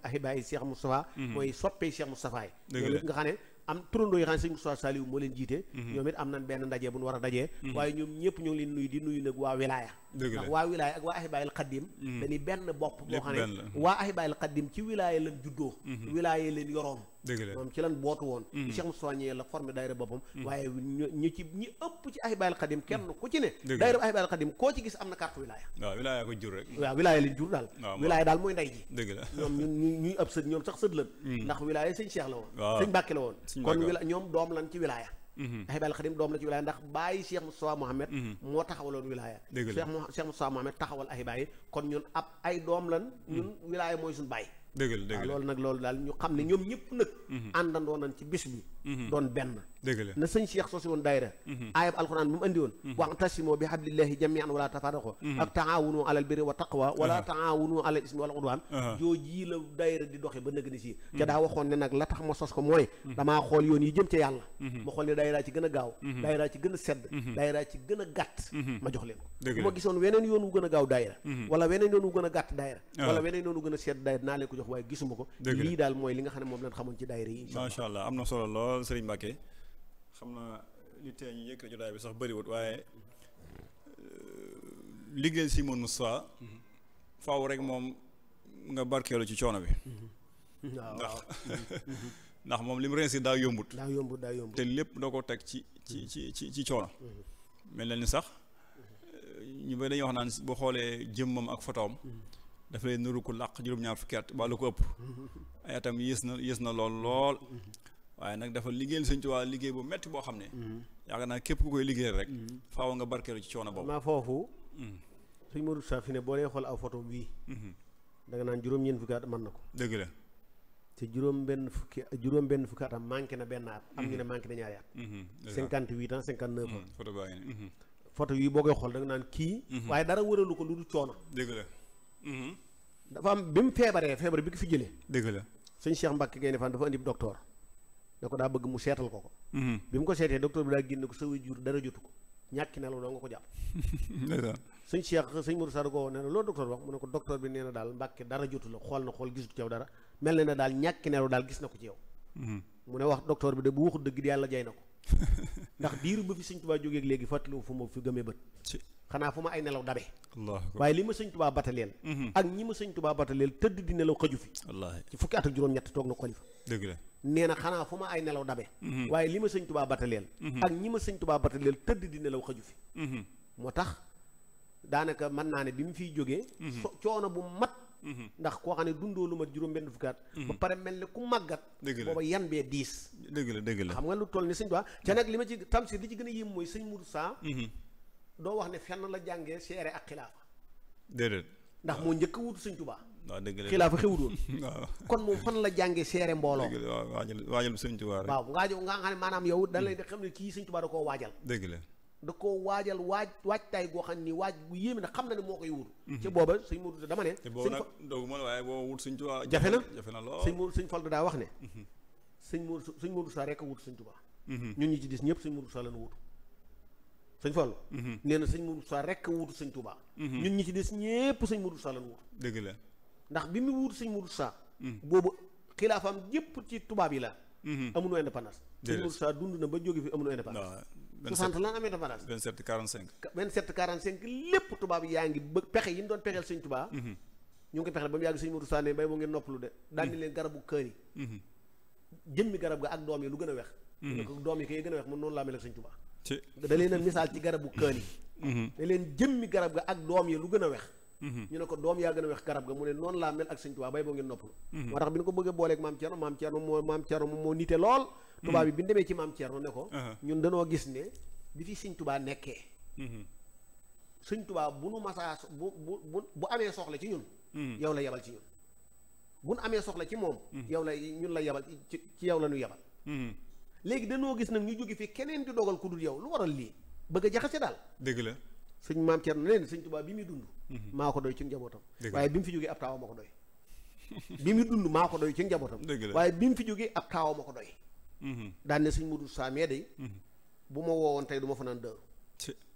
ahibaay Cheikh Moustapha mhm. mooy soppee Cheikh Moustapha yi ñoom it nga xam ne am turandoo yi xam ne sëñ Moustapha Saliou moo leen jiite mhm. ñoom it am nañ benn ndaje bu ñu war a dajee mhm. waaye ñoom ñëpp ñoo ngi leen nuyu di nuyu nag waa wilaaya ndax waa wilaaya ak waa ahibaayil xaddim dañuy benn bopp boo xam ne waa ahibaayil xaddim ci wilaaya leen juddoo wilaaya leen yoroon moom ci lan bootu woon mm-hmm. Cheikh Moustapha ñee la formé daayira boppam mm-hmm. waaye ñu ci ñi ëpp ci Ahibahil Khadim kenn mm-hmm. ku ci ne daayira Ahibahil Khadim koo ci gis am na carte wilaya waaw wilaya ko jur rek waaw wilaya lañ jur daal wilaya daal mooy ndey ji dëgg la [LAUGHS] ñoom ñun ñuy ab sët ñoom sax sët lan ndax wilaya sëñ Cheikh la woon sëñ Mbàkke la woon kon wilaya ñoom doom lan ci wilaya Ahibahil Khadim doom la ci wilaya ndax bàyyi Cheikh Moustapha Mohamed moo taxawaloon wilaya Cheikh Moustapha Mohamed taxawal Ahibahil kon ñun ab ay doom lan ñun wilaya mooy dëgg la dëgg la loolu nag loolu daal ñu xam ne ñoom ñëpp nag. àndandoo nañ ci bis bi. Mm-hmm. doon benn na sëñ Cheikh sosi woon daayira mm-hmm. aayab alxuraan bi mu andi woon mm-hmm. wa'tasimu bi hablillahi jami'an wala tafarraqu ak taawunu alal birri wa taqwa wala uh-huh. taawunu alal ismi wal udwan uh-huh. joo jii la daayira di doxe ba nëg ni si ca daa waxoon ne nag la tax ma sos ko mooy damaa xool yoon yi jëm ca yàlla ma xool ne daayira ci a ci gën a gàtt ma jox leen ko bu ma gisoon weneen yoon wu gën a gaaw daayira wala weneen a gàtt weneen yoon wu uh-huh. a sedd daayira naa leen lool Serigne Mbacke xam naa li tee ñu yëkkati jotaay bi sax bëriwut waaye euh, liggéey si moom Moustapha faaw rek moom nga barkeelu ci coono bi. ndax moom li mu reen si daa yombut. te lépp doo ko teg ci ci ci ci ci coono. mel na ni sax euh, ñu ba dañuy wax naan boo xoolee jëmmam ak fotoom. dafa lay nuru ko làq juróom-ñaar fukki at ba lu ko ëpp. ay yées na lool lool. waaye nag dafa liggéeyal sëñ Tuubaa liggéey bu metti boo xam ne mhm. yaakaar naa képp ku koy liggéeyal rek mhm. faaw nga barkeelu ci coono boobu maa foofu mhm. suñ Modou Sa fi ne boo dee xool aw photom wii da naan juróom-ñeent fukki at na ko dëgg la te benn fukki juróom benn fukki atam na benn at am ñu ne manqué na ñaari at cinquante huit ans cinquante neuf ans photo yi boo koy xool danga naan kii waaye dara wëralu ko lu dul coono dëgg la dafa am bi mu feebaree feebar bi ko fi jëlee dëgg la sëñ Cheikh Mbacke Gaynde Fan dafa andi docteur da ko daa bëgg mu seetal ko ko mhm. bi mu ko seetee docteur bi daa génne ko sawi jur dara jotu ko ñàkki nelaw doo nga ko jàpp [LAUGHS] sëñ Cheikh sëñ Modou Sarr ko nee na loolu docteur mu ne ko docteur bi nee na daal Mbàkke dara jotu la xool na xool gisut ci na ne daal ñàkki nelaw daal gis na ko ci mhm. mu ne wax docteur bi de bu waxul dëgg di yàlla jay na ko [LAUGHS] ndax diir ba fi sëñ Tuubaa jógeeg léegi fàttaliwu fu ma fi gëmee bët xanaa fu ma ay nelaw dabe waaye li ma sëñ Tuubaa bataleel mhm. ak ñi ma sëñ Tuubaa bataleel tëdd di nelaw xaju fi ci fukki at ak juróom-ñett toog na xalifa dëgg la nee na xanaa fu ma ay nelaw dabe mhm. waaye li ma sëñ tubaa bataleel mhm. ak ñi ma sëñ tubaa bataleel tëdd di nelaw xaju fi mhm. moo tax daanaka mën naa ne bi mu fiy jógee so coono bu mat ndax koo xam ne dundoo lu ma juróom-benn fukki at ba pare mel ne ku màggat booba yan bee diis dëgg la dëgg la xam nga lu toll ni sëñ tubaa ca nag li ma ci tamsir li ci gën a yéem mooy sëñ Mourou saa doo wax ne fenn la jàngee seere ak xilaafa déedéet ndax moo njëkk a wutu sëñ tubaa waaw dëgg la xilaafa xewutoon [LAUGHS] kon moom fan la jànge seere mbooloo waajal waajal sëñ Tuubaa rek waaw waajal nga xam ne maanaam yow da lay xam ne kii sëñ Tuubaa da koo waajal dëgg la da koo waajal waaj waajtaay goo xam ni waaj bu yéeme na xam na ne moo koy wut ci booba sëñ Moodu dama ne te boobu nag doogu ma waaye boobu wut sëñ na jafe na lool sëñ Moodu daa wax ne mhm. sëñ Moodu sëñ Moodu sa rek a wut sëñ Tuubaa mhm. ñun ñi ci dis ñëpp sañ Moodu sa lañu wut sëñ Fallu mhm. nee na sëñ Moodu sa rek a wut sëñ Tuubaa ñun ñi ci dis ñëpp sëñ Moodu sa lañu wut dëgg la ndax bi mu wuut sëñ Mourou Sa hmm. boobu xilaafaam yépp ci tubaab yi la hmm. amuñu indépendance sëñ Mourou Sa dund na ba jóge fi amuñu indépendance soixante lan am indépendance vingt-sept quarante-cinq vingt-sept quarante-cinq lépp tubaab yi yaa ngi bëgg pexe yi ñu doon pexeel sëñ Tuubaa hmm. ñu ngi koy pexe ba mu yàgg sëñ Mourou Sa ne bay moo ngeen noppalu de daal leen garabu kër jëmmi garab ga ak doom yi lu gën a wex ne ko doom yi kay gën a wex mun noonu laa mel ak sëñ Tuubaa da leen a misaal ci garabu kër yi da leen jëmmi garab ga ak doom yi lu gën a wex Mhm. ñu ne ko doom yaa gën a wex garab ga mu ne noonu laa mel ak sëñ Tuubaa bay boo ngeen noppalu mhm. moo tax bi ñu ko bëggee booleeg maam Thierno maam Thierno moo maam Thierno moo nite lool mhm. tubaab bi bi ñu demee ci maam Thierno ne ko uh-huh. ñun dañoo gis ne bi fi sëñ Tuubaa nekkee sëñ Tuubaa bu nu masaa bu bu bu amee soxla ci ñun yow la yebal ci ñun bu nu amee soxla ci moom yow la ñun la yebal ci ci yow la ñu yebal léegi dañoo gis nag ñu jóge fi keneen di dogal ku dul yow lu waral lii bëgg a jaxase daal dëgg la sëñ maam Thierno leen sëñ Tuubaa bi muy dund Mhm. maa ko doy ci njabootam waaye bi mu fi jógee ab taawa ma ko doy bi mu dund maa ko doy ci njabootam waaye bi mu fi jógee ab taawa ma ko doy mhm. daan ne suñ mudu saamee day mhm. bu ma woowoon tey du ma fanaan daaru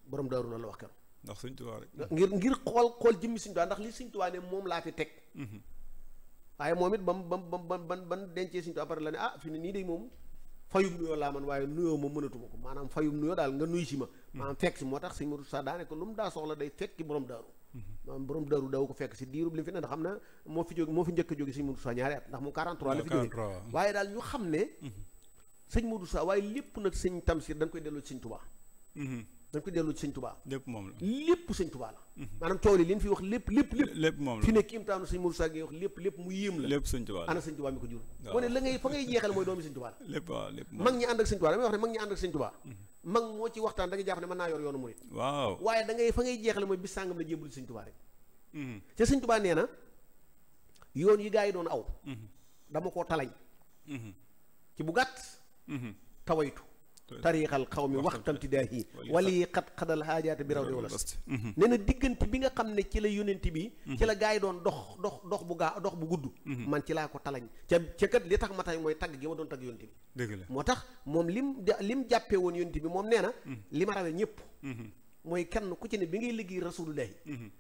borom daaru loolu la wax keroog ndax suñ tubaa rek ngir ngir xool xool jëmmi suñ tubaa ndax li suñ tubaa ne moom laa fi teg waaye moom it bam bam bam bam ban ban dencee suñ tubaa pare ah, moom fayum nuyoo laa man waaye nuyoo ma mënatuma ko maanaam fayum nuyoo daal nga nuy si ma maanaam fekk si moo tax suñ mudu sa daane ko lu mu daa soxla day fekk borom daaru maanaam borom daru daw ko fekk si diirub li mu fi ne ndax xam na moo fi jóge moo fi njëkk a jóge sëñ Modou Sa ñaari at ndax moom 43 la fi jóge waaye daal ñu xam ne mhm. sëñ Modou Sa waaye lépp nag sëñ Tamsir dañ koy delloo ci sëñ dañ dellu ci sëñ tubaa lépp moom la lépp sëñ tubaa la maanaam coow li li ñu fi wax lépp lépp lépp lépp moom la fi ne kiim taanu sëñ Moussa Gueye wax lépp lépp mu yéem la lépp sëñ tubaa la ana sëñ tubaa mi ko jur mu ne la ngay fa ngay jeexal mooy doomi sëñ tubaa la mag ñi ànd ak sëñ tubaa mag moo ci waxtaan da ngay jàpp ne mën naa yor yoonu murit waaw waaye da ngay fa ngay jeexal mooy bis sàngam la jébbalu sëñ tubaa rek mm-hmm. ca sëñ tubaa nee na yoon yi gaa yi doon aw mm-hmm. dama koo talañ mm-hmm. ci bu gàtt tawaytu tariixal xaw mi waxtamti daahi wali xat xadal xaajaate bi raw di wala nee na diggante bi nga xam ne ci la yónent bi mhm. ci la gaa yi doon dox dox dox bu gaa dox bu gudd mhm. man ci laa ko talañ ca ca kat li tax ma tay mooy tagg gi ma doon tagg yónent bi la moo tax moom lim lim jàppee woon yónent bi moom nee na mhm. li ma rawee ñëpp mooy kenn ku ci ne bi ngay liggéey rasulullahi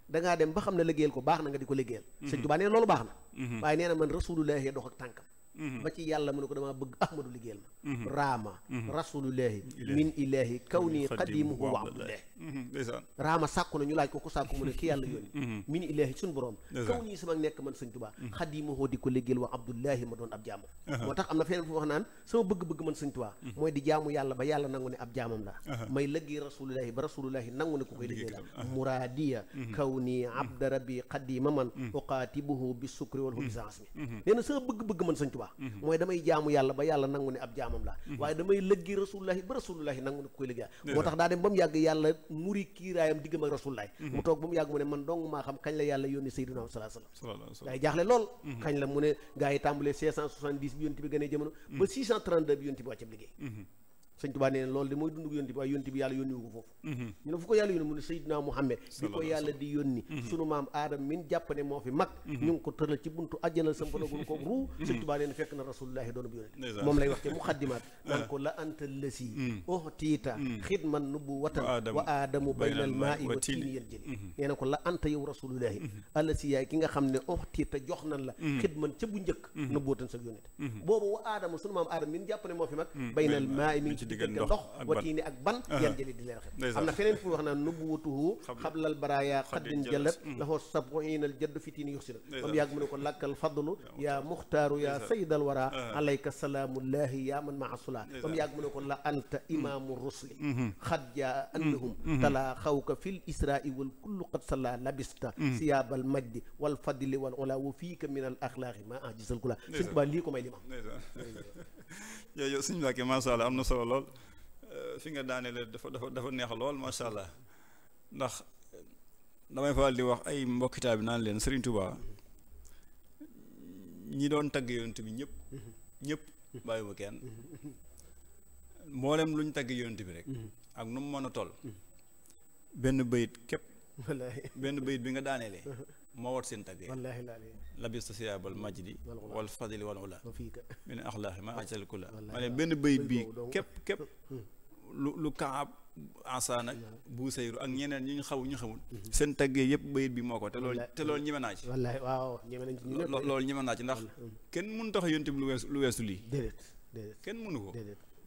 da ngaa dem ba xam ne liggéeyal ko baax na nga di ko liggéeyal sëñ Tuubaa nee loolu baax na waaye nee na man rasulullahi dox ak Mm-hmm. ba ci yàlla mu ne ko damaa bëgg ah. ahmadu liggéeyal ma mm-hmm. raama mm-hmm. rasulullahi min ilahi kaw nii xadimuhu wa abdullah raama sàkku na ñu laaj ko ku sàkku mu ne ki yàlla yónni min ilahi suñ borom kaw nii sama nekk man sëñ tubaa xadimuhu di ko liggéeyal wa abdullahi ma doon ab jaamam uh-huh. moo tax am na feneen fu wax naan sama bëgg-bëgg man sëñ tubaa mooy di jaamu yàlla ba yàlla nangu ne ab jaamam la uh-huh. may lëggee rasulullahi ba rasulullahi nangu ne ku koy liggéeyal uh-huh. muraadiya kaw nii abda rabbi xadima man uqaatibuhu bi sukri wal hubi saas mi nee na sama bëgg-bëgg la mooy damay jaamu yàlla ba yàlla nangu ne ab jaamam la mhm. waaye damay lëggi rasulullahi ba rasulullahi nangu ne ko koy liggéey moo tax daa dem ba mu yàgg yàlla muri kiiraayam diggam ak rasulullahi mhm. mu toog ba mu yàgg mu ne man dong maa xam kañ la yàlla yónni sayyidina Muhammad sallallahu alayhi wasallam gaa yi jaaxle lool mhm. kañ la mu ne gaa yi tàmbalee 570 bi yonent bi gënee jamono ba 632 bi yonent bi wàccab liggéey sëñ Tuubaa nee na loolu de mooy dund yónni bi waaye yónni bi yàlla yónni wu ko foofu mhm. ñu ne fu ko yàlla yónni mu ne Seydina Muhammad bi ko yàlla di yónni mhm. sunu maam aadam min jàpp moo fi mag mhm. ñu ngi ko tëral ci [LAUGHS] na [LAUGHS] la anta lësi oh mm. tiita mm. xidman mm-hmm. na ko la anta yow rasulullahi mm-hmm. alësi yaay diggante ndox watiini ak ban yan jëli di leen xeb am na feneen fu wax naan nubuwatuhu xablal baraya xaddin jallat mm. laxoo sabxiinal jadd fitiin yux si la ba mu yàgg mu ne ko lakkal fadlu yaa muxtaaru yaa sayidal wara alayka salaamullahi yaa man maa sula ba mu mu ne ko la anta mm. imaamu rusli mm-hmm. xad jaa mm-hmm. annahum mm-hmm. talaa xawka fil israai wal kullu qad sala labista siyaabal majdi wal fadli wa ola wa fiika min al axlaaqi maa ajisal kula sëñ Tuubaa lii ko may li [LAUGHS] lool eh, fi nga daaneele dafa dafa dafa neex lool macha allah ndax damay faral di wax ay mbokkitaab bi naan leen Serigne Touba ñi doon tagg yonent bi ñëpp ñëpp bàyyiwuma kenn mboolem lu ñu tagg yonent bi rek ak nu mu mën a toll benn bayit képp [LAUGHS] benn bayit bi nga daaneele moo wat seen tagge labistu siyaabal majdi wal fadli wal ula min axlaaxi ma ajal kula ma ne benn béy bii képp képp hmm. lu lu kaab ansaan ak hmm. buusayru ak ñeneen ñi ñu xaw ñu xamul hmm. seen taggee yëpp bayit bi moo ko te loolu te loolu ñeme naa ci wallaahi waaw ñeme nañ ci naa ci ndax kenn mun tax yonte bi lu weesu lu weesu lii déedéet kenn mënu ko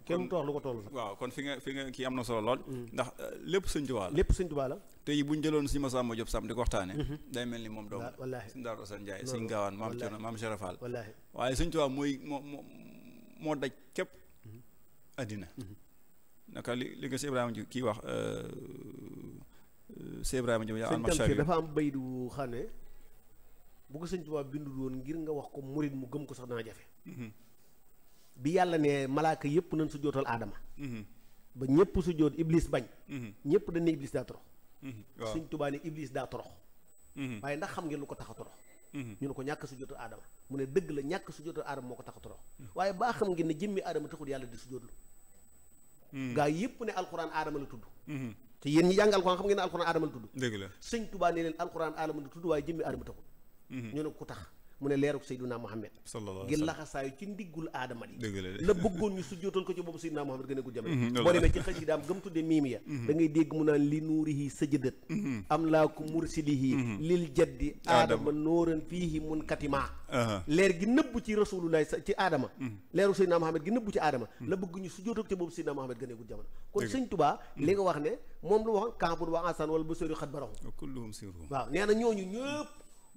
kenn toox lu ko toll sax waaw kon fi nga fi nga ki am na solo lool mm. ndax euh, lépp sëñ Tuubaa la lépp sëñ la tey bu ñu jëloon suñu Masamba jot Samb di ko waxtaane mm-hmm. day mel ni moom dong wallaahi suñu Daaru Asan Njaay suñu gaawaan maam Cerno maam Serafal wallaahi waaye sëñ Tuubaa mooy moo moo daj képp mm-hmm. àddina mm-hmm. naka li li nga si kii wax si euh, euh, Ibrahima ji dafa am bayit wu xam bu ko sëñ Tuubaa bindul ngir nga wax ko murit mu gëm ko sax dana jafe bi yàlla ne malaaka yëpp nañ su jootal aadama mhm. ba ñëpp su joot iblis bañ mhm. ñëpp dañ ne iblis daa torox mhm. suñ tubaa ne iblis daa torox waaye ndax xam ngeen lu ko tax a torox ñu ne ko ñàkk su jootal aadama mu ne dëgg la ñàkk su jootal aadama moo ko tax a torox waaye baa xam ngeen ne jëmmi aadama taxul yàlla di su jootlu gaa yëpp ne alxuraan aadama la tudd te yéen ñi jàng alxuraan xam ngeen ne alxuraan aadama la tudd dëgg la sëñ tubaa ne leen alxuraan aadama la tudd waaye jëmmi aadama taxul ñu ne ko tax mu ne leeruk Seydina Muhammad gi laxasaayu ci ndiggul aadama yi la bëggoon ñu sujjootal ko ci boobu Seydina Muhammad gën a gu jamee [LAUGHS] boo demee ci xasiidaam gëm tudde miim ya mhm. da ngay dégg mu naan li nuurihi sajadat mhm. am laa ko mursilihi ci rasulullahi ci aadama leeruk Seydina Muhammad gi nëbb ci mhm. la bëgg ñu sujjootal ko ci a kon sëñ Tubaa li nga wax ne moom lu wax kampul waa ansaan wala ba sori xat baraxu waaw nee na ñooñu ñëpp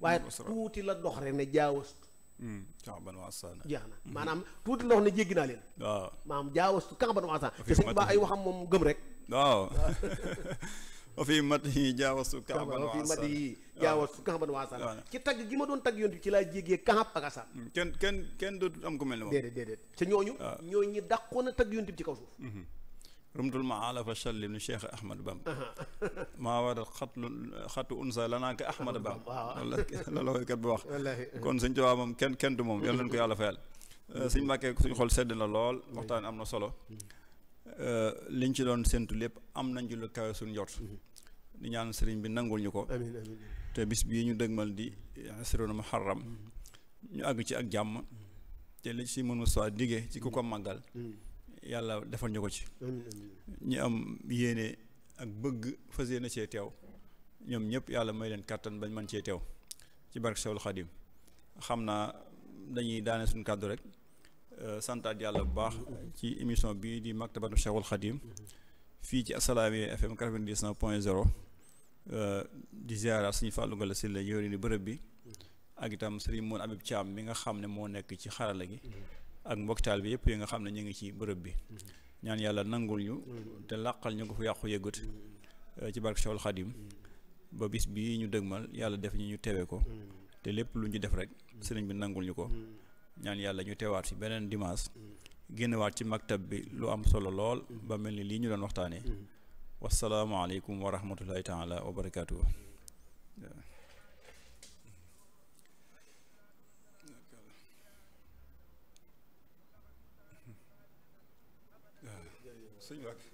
waaye tuuti la dox rek ne jaawastu hmm, kamban waasaan jeex na maanaam tuuti la ne jéegi naa leen waaw maanaam jaawastu kamban waasaan te sëñ ba ay waxam moom gëm rek waaw [LAUGHS] wa [LAUGHS] fii mat yi jaawastu kamban waasaan wa fii mat yi jaawastu kamban waasaan ci tagg gi ma doon tagg yontu ci laa jéggee kamp ak asaan hmm, kenn kenn kenn dootul am ku mel ne moom déedéet déedéet te ñooñu ñooñu ñi dàqoon a tagg bi ci kaw suuf hmm, rumtul ma ala fa shalli nu cheikh ahmad bam [LAUGHS] maa waral xatlu xatu unsa lanaa ka ahmad bam loolu la woykat bu wax kon suñ tubaab moom kenn kenn du moom yal nañ ko yàlla fayal mm. suñ màkkee suñ xol sedd na lool mm. waxtaan am na solo mm. uh, liñ ci doon séntu lépp am nañ ci lu kawe suñ njort di ñaan sëriñ bi nangul ñu ko amiin amiin te bis bii ñu dëgmal di asrona muharram ñu àgg ci ak jàmm te li ci mënu soi digee ci ku ko màggal yàlla defal ñu ko ci ñi am yéene ak bëgg fa yéene cee teew ñoom ñëpp yàlla may leen kàttan bañ man cee teew ci barke Sewul Xadim xam naa dañuy daane suñu kàddu rek euh, santaat yàlla bu baax ci émission bii di maktabatu Sewul Xadim fii ci Assalaamy FM 99 point 0 euh, di ziara suñu Fallou Gala Sylla yori ni bërëb bi ak itam Serigne Moon Abib Thiam mi nga xam ne moo nekk ci xarala gi ak mbokkitaal bi yëpp yi nga xam ne ñu ngi ci bërëb bi ñaan yàlla nangul ñu te làqal ñu ko fu yàqu yëgut eh, ci barke Cheikhul Khadim ba bis bi ñu dëgmal yàlla def ñu ñu tewe ko te lépp lu ñu def rek sëriñ bi nangul ñu ko ñaan yàlla ñu teewaat ci beneen dimanche génnewaat ci maktab bi lu am solo lool ba mel ni lii ñu doon waxtaanee wasalaamaaleykum wa rahmatullahi taala wa barakaatu. sëñ Mbacke